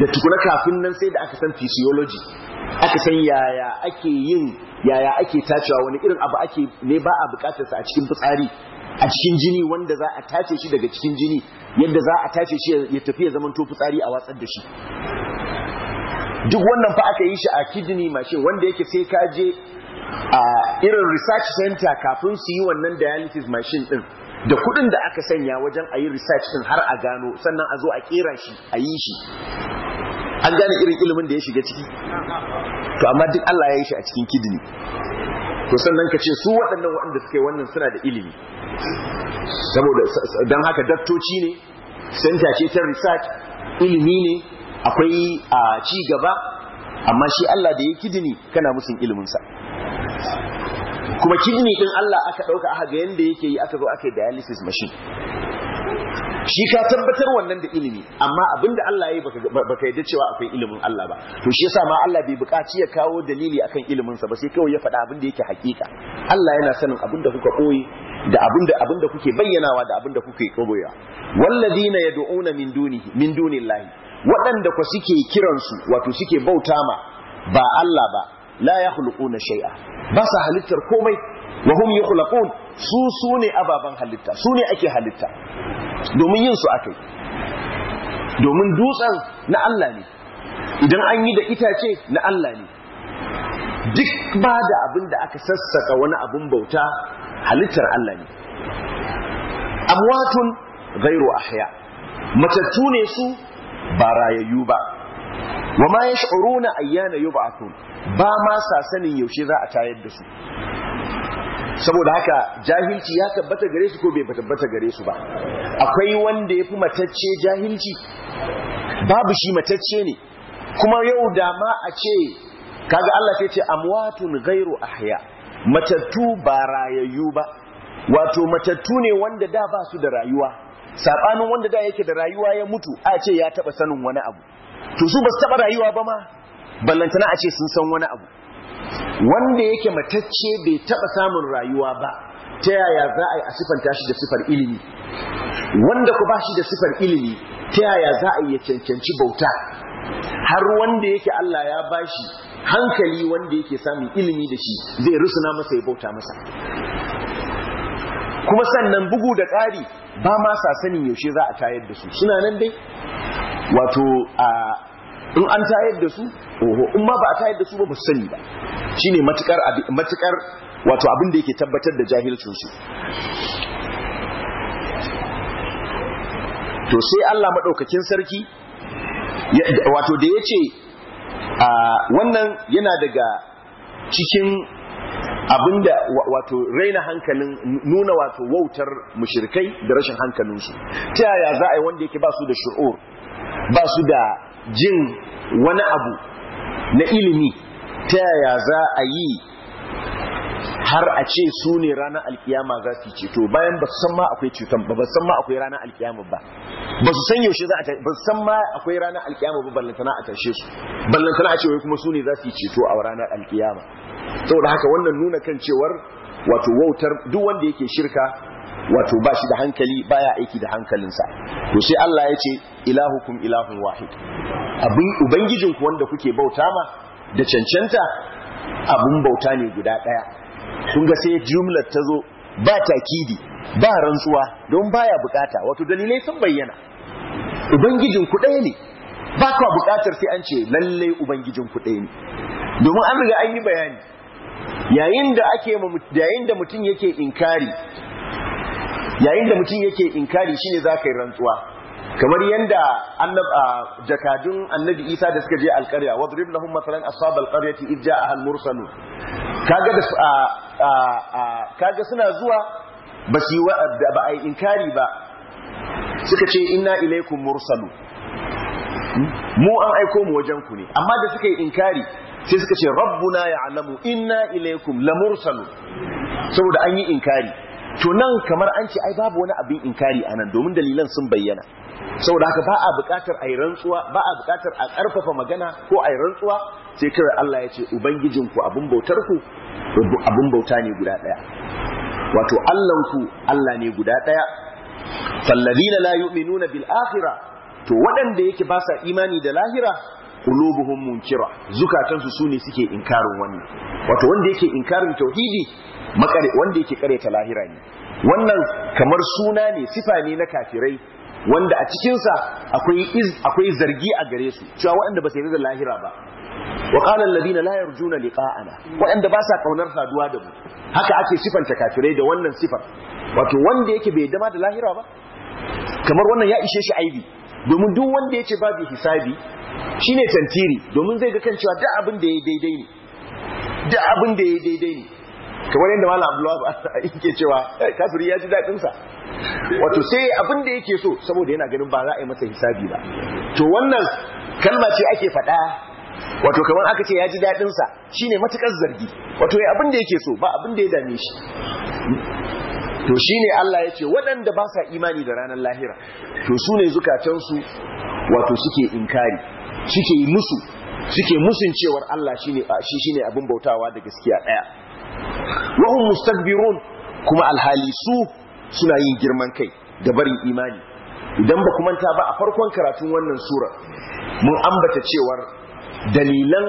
da tukuna kafin nan sai da aka san physiology aka san yaya ake yin yaya ake tacewa wani irin abu ake ne ba a sa a cikin fitsari a cikin jini wanda za a tace shi daga cikin jini yadda za a tace shi ya tafi ya zamanto fitsari a watsar da shi duk wannan fa aka yi shi a kidney machine wanda yake sai ka je a irin research center kafin su yi wannan dialysis machine din da kuɗin da aka sanya wajen a yi research din har a gano sannan a zo a kera shi a yi shi an gane irin ilimin da ya shiga ciki to amma duk Allah ya yi shi a cikin kidini to sannan ka ce su waɗannan waɗanda suke wannan suna da ilimi saboda don haka daktoci ne center ce ta research ilimi ne akwai a ci gaba amma shi Allah da ya kidini kana musun iliminsa kuma kidney din Allah aka dauka aka ga yanda yake yi aka zo aka yi dialysis machine shi ka tabbatar wannan da ilimi amma abinda Allah yayi baka yadda cewa akwai ilimin Allah ba to shi yasa ma Allah bai buƙaci ya kawo dalili akan ilimin sa ba sai kawai ya faɗa abinda yake hakika Allah yana sanin abinda kuka koyi da abinda abinda kuke bayyanawa da abinda kuke koyowa walladina yad'una min dunihi min dunillahi waɗanda ku suke kiransu wato suke bauta ma ba Allah ba la na shai'a ba sa halittar komai wa hum yukhlaqun su su ne ababan halitta su ne ake halitta domin yin su akai domin dutsen na Allah ne idan an yi da itace na Allah ne duk ba da abin da aka sassaka wani abin bauta halittar Allah ne amwatun a ahya matattu ne su ba rayayyu ba wa ma yash'uruna ayyana yub'atun ba ma sa sanin yaushe za a tayar da su saboda haka jahilci ya tabbata gare su ko bai tabbata gare su ba akwai wanda ya fi matacce jahilci babu shi matacce ne kuma yau da ma a ce kaga Allah sai ce amwatun ghairu ahya matattu ba rayayyu ba wato matattu ne wanda da ba su da rayuwa sabanin wanda da yake da rayuwa ya mutu a ce ya taba sanin wani abu to su ba su taɓa rayuwa ba ma ballantana a ce sun san wani abu wanda yake matacce bai taɓa samun rayuwa ba ta yaya za a yi a sifanta shi da sifar ilimi wanda ku ba shi da sifar ilimi ta yaya za a yi ya cancanci bauta har wanda yake Allah ya bashi hankali wanda yake samun ilimi da shi zai rusuna masa ya bauta masa kuma sannan bugu da ƙari ba ma sa sanin yaushe za a tayar da su suna nan dai wato a in an tayar da su oho in ma ba a tayar da su ba ba sani ba shine matukar matukar wato abin da yake tabbatar da jahilcin su to sai Allah madaukakin sarki wato da yace wannan yana daga cikin abinda wato raina hankalin nuna wato wautar mushrikai da rashin hankalin su. ta yaya za a yi wanda yake ba su da shu'ur ba su da jin wani abu na ilimi ta yaya za a yi har a ce su ne ranar alkiyama za su yi ceto bayan ba san ma akwai cutan ba ba san ma akwai ranar alkiyama ba ba su san yaushe za a ba su san ma akwai ranar alkiyama ba ballantana a tashe su ballantana a ce wai kuma su ne za su yi ceto a ranar alkiyama saboda haka wannan nuna kan cewar wato wautar duk wanda yake shirka wato ba shi da hankali baya aiki da hankalinsa to sai Allah ya ce ilahukum ilahun wahid abin ubangijinku wanda kuke bauta ma da cancanta abun bauta ne guda ɗaya kun ga sai jumlar ta zo ba takidi ba rantsuwa don baya bukata wato dalilai sun bayyana ubangijin ku ɗaya ne ba ka buƙatar sai an ce lallai ubangijin ku ɗaya ne domin an riga an yi bayani yayin da ake yayin da mutum yake inkari yayin da mutum yake inkari shine za ka yi rantsuwa kamar yanda jakadun annabi isa da suka je alkarya wadrib lahum masalan ashabal qaryati id ja'aha al mursalun kaga da kaga suna zuwa ba su ba a inkari ba suka ce inna ilaikum mursalu mu an aiko mu wajen ku ne amma da suka yi inkari sai suka ce rabbuna ya'lamu inna ilaikum lamursalu saboda an yi inkari to nan kamar an ce ai babu wani abin inkari anan domin dalilan sun bayyana saboda haka ba a bukatar a yi rantsuwa ba a bukatar a karfafa magana ko a yi rantsuwa sai kira Allah ya ce ubangijinku abin bautar ku abin bauta ne guda ɗaya wato Allahnku Allah ne guda ɗaya fallazina la yu'minuna nuna bil'ahira, to waɗanda yake basa imani da lahira qulubuhum munkira zukatansu sune suke inkarin wannan wato wanda yake inkarin tauhidi wanda yake kareta lahira ne wannan kamar suna ne sifa ne na kafirai wanda a cikinsa akwai zargi a gare su cewa waɗanda ba su yarda da lahira ba wa qala alladhina la yarjuna liqa'ana waɗanda ba sa kaunar saduwa da mu haka ake sifanta kafirai da wannan sifar wato wanda yake bai dama da lahira ba kamar wannan ya ishe shi aibi domin duk wanda ya ce babu hisabi shine tantiri domin zai ga kan cewa duk abin da yayi daidai ne duk abin da yayi daidai ne kamar yadda malam abdullahi yake cewa kafiri ya ji daɗinsa. wato sai abin da yake so saboda yana ganin ba za a yi masa hisabi ba to wannan kalma ce ake faɗa wato kamar aka ce ya ji daɗin sa shine matukar zargi wato ya abin da yake so ba abin da ya dame shi to shine Allah ya ce waɗanda ba sa imani da ranar lahira to su ne su wato suke inkari suke yi musu suke musun cewar Allah shine shi shine abin bautawa da gaskiya ɗaya wa hum mustakbirun kuma alhali su suna yin girman kai da barin imani idan ba manta ba a farkon karatun wannan sura mun ambata cewar dalilan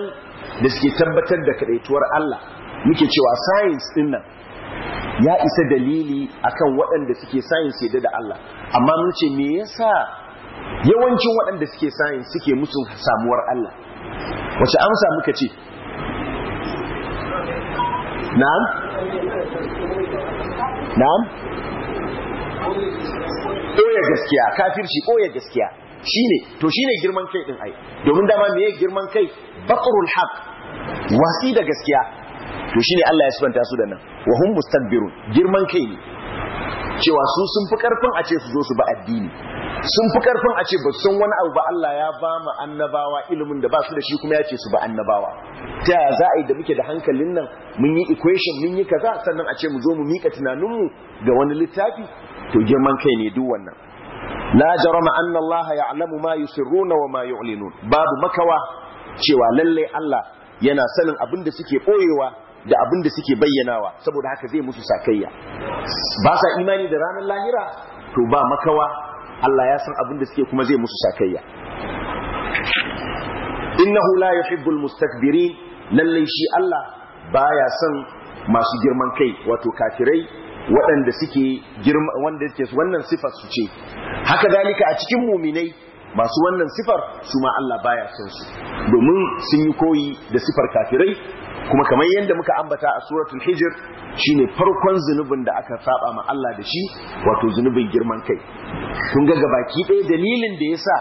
da suke tabbatar da kadaituwar Allah muke cewa science din nan ya isa dalili akan waɗanda suke science yadda da Allah amma mun ce me yasa yawancin waɗanda suke science suke musu samuwar Allah wace amsa muka ce na'am na'am ɓoye gaskiya kafirci ɓoye gaskiya shine to shine girman kai din ai domin dama me girman kai baqrul haq wasi da gaskiya to shine Allah ya subanta su da nan wa hum mustakbirun girman kai ne cewa su sun fi karfin a ce su zo su ba addini sun fi karfin a ce ba san wani abu ba Allah ya ba mu annabawa ilimin da ba su da shi kuma ya ce su ba annabawa ta yaya za a yi da muke da hankalin nan mun yi equation mun yi kaza sannan a ce mu zo mu mika tunaninmu ga wani littafi to girman kai ne duk wannan la jarama anna Allah ya'lamu ma yusirruna wa ma yu'linun babu makawa cewa lalle Allah yana sanin abin da suke boyewa da abin da suke bayyanawa saboda haka zai musu sakayya ba sa imani da ranar lahira to ba makawa Allah ya san abin da suke kuma zai musu sakayya innahu la yuhibbul mustakbirin lallai shi Allah baya son masu girman kai wato kafirai waɗanda suke girma wanda suke wannan sifar su ce haka dalika a cikin muminai masu wannan sifar su ma Allah baya son su domin sun yi koyi da sifar kafirai kuma kamar yadda muka ambata a suratul hijr shine farkon zunubin da aka saba ma Allah da shi wato zunubin girman kai kun ga gabaki ɗaya dalilin da ya sa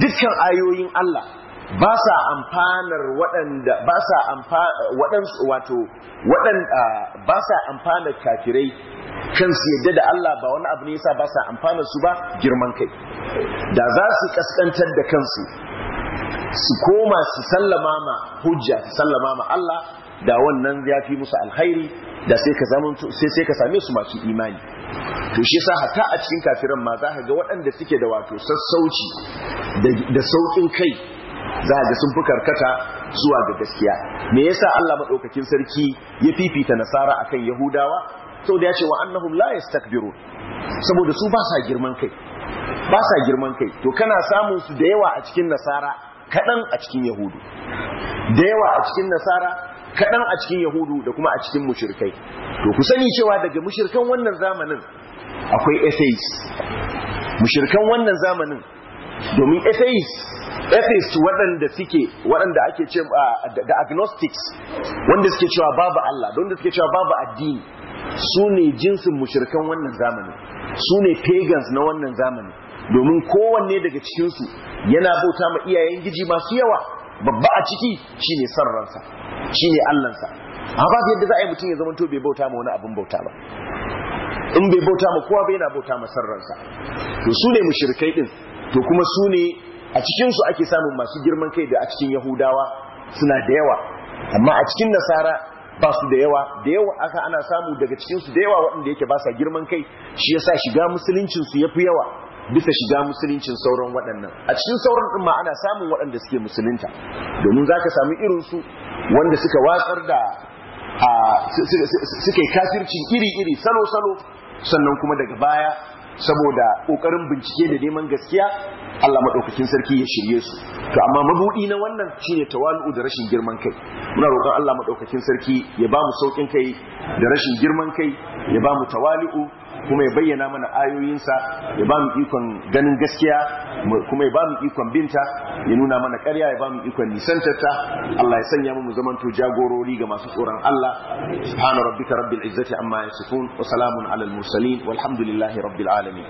dukkan ayoyin Allah ba sa amfanar waɗanda ba sa waɗansu wato ba sa amfanar kafirai kansu yadda da Allah ba wani abu ne yasa ba sa amfanar su ba girman kai da za su kaskantar da kansu su koma su sallama ma hujja su sallama ma Allah da wannan ya fi musu alhairi da sai ka sai ka same su masu imani to shi yasa hatta a cikin kafiran ma za ka ga waɗanda suke da wato sassauci da saukin kai za ka ga sun fi karkata zuwa ga gaskiya me yasa Allah madaukakin sarki ya fifita nasara akan yahudawa saboda ya ce wa annahum la yastakbirun saboda su ba sa girman kai ba sa girman kai to kana samun su da yawa a cikin nasara kaɗan a cikin yahudu da yawa a cikin nasara kaɗan a cikin yahudu da kuma a cikin mushirkai to ku sani cewa daga mushirkan wannan zamanin akwai ephes. mushirkan wannan zamanin domin ephes. Ephes waɗanda suke waɗanda ake ce da agnostics wanda suke cewa babu Allah da wanda suke cewa babu addini su ne jinsin mushirkan wannan zamanin su ne pagans na wannan zamanin domin kowanne daga cikinsu yana bauta ma iyayen giji masu yawa babba a ciki shine san ransa shine allansa amma ba yadda za a yi mutum ya zama to bai bauta ma wani abin bauta ba in bai bauta ma kowa bai yana bauta ma sarransa. ransa to su ne mushrikai din to kuma su ne a cikinsu ake samun masu girman kai da a cikin yahudawa suna da yawa amma a cikin nasara ba su da yawa da yawa aka ana samu daga cikinsu da yawa waɗanda yake ba sa girman kai shi yasa shiga musuluncinsu ya fi yawa bisa shiga musuluncin sauran waɗannan a cikin sauran ɗin ma ana samun waɗanda suke musulunta domin za ka sami irinsu wanda suka watsar da suke kafircin iri-iri salo-salo sannan kuma daga baya saboda ƙoƙarin bincike da neman gaskiya Allah maɗaukakin sarki ya shirye su to amma mabuɗi na wannan shine tawalu da rashin girman kai muna roƙon Allah maɗaukakin sarki ya ba mu sauƙin kai da rashin girman kai ya ba mu tawali'u kuma ya bayyana mana ayoyinsa ya ba mu ikon ganin gaskiya kuma ya ba mu ikon binta ya nuna mana karya ya ba mu ikon nisantarta Allah ya sanya mu mu zamanto jagorori ga masu tsoron Allah subhana rabbika rabbil izzati amma yasifun wa salamun alal mursalin walhamdulillahi rabbil alamin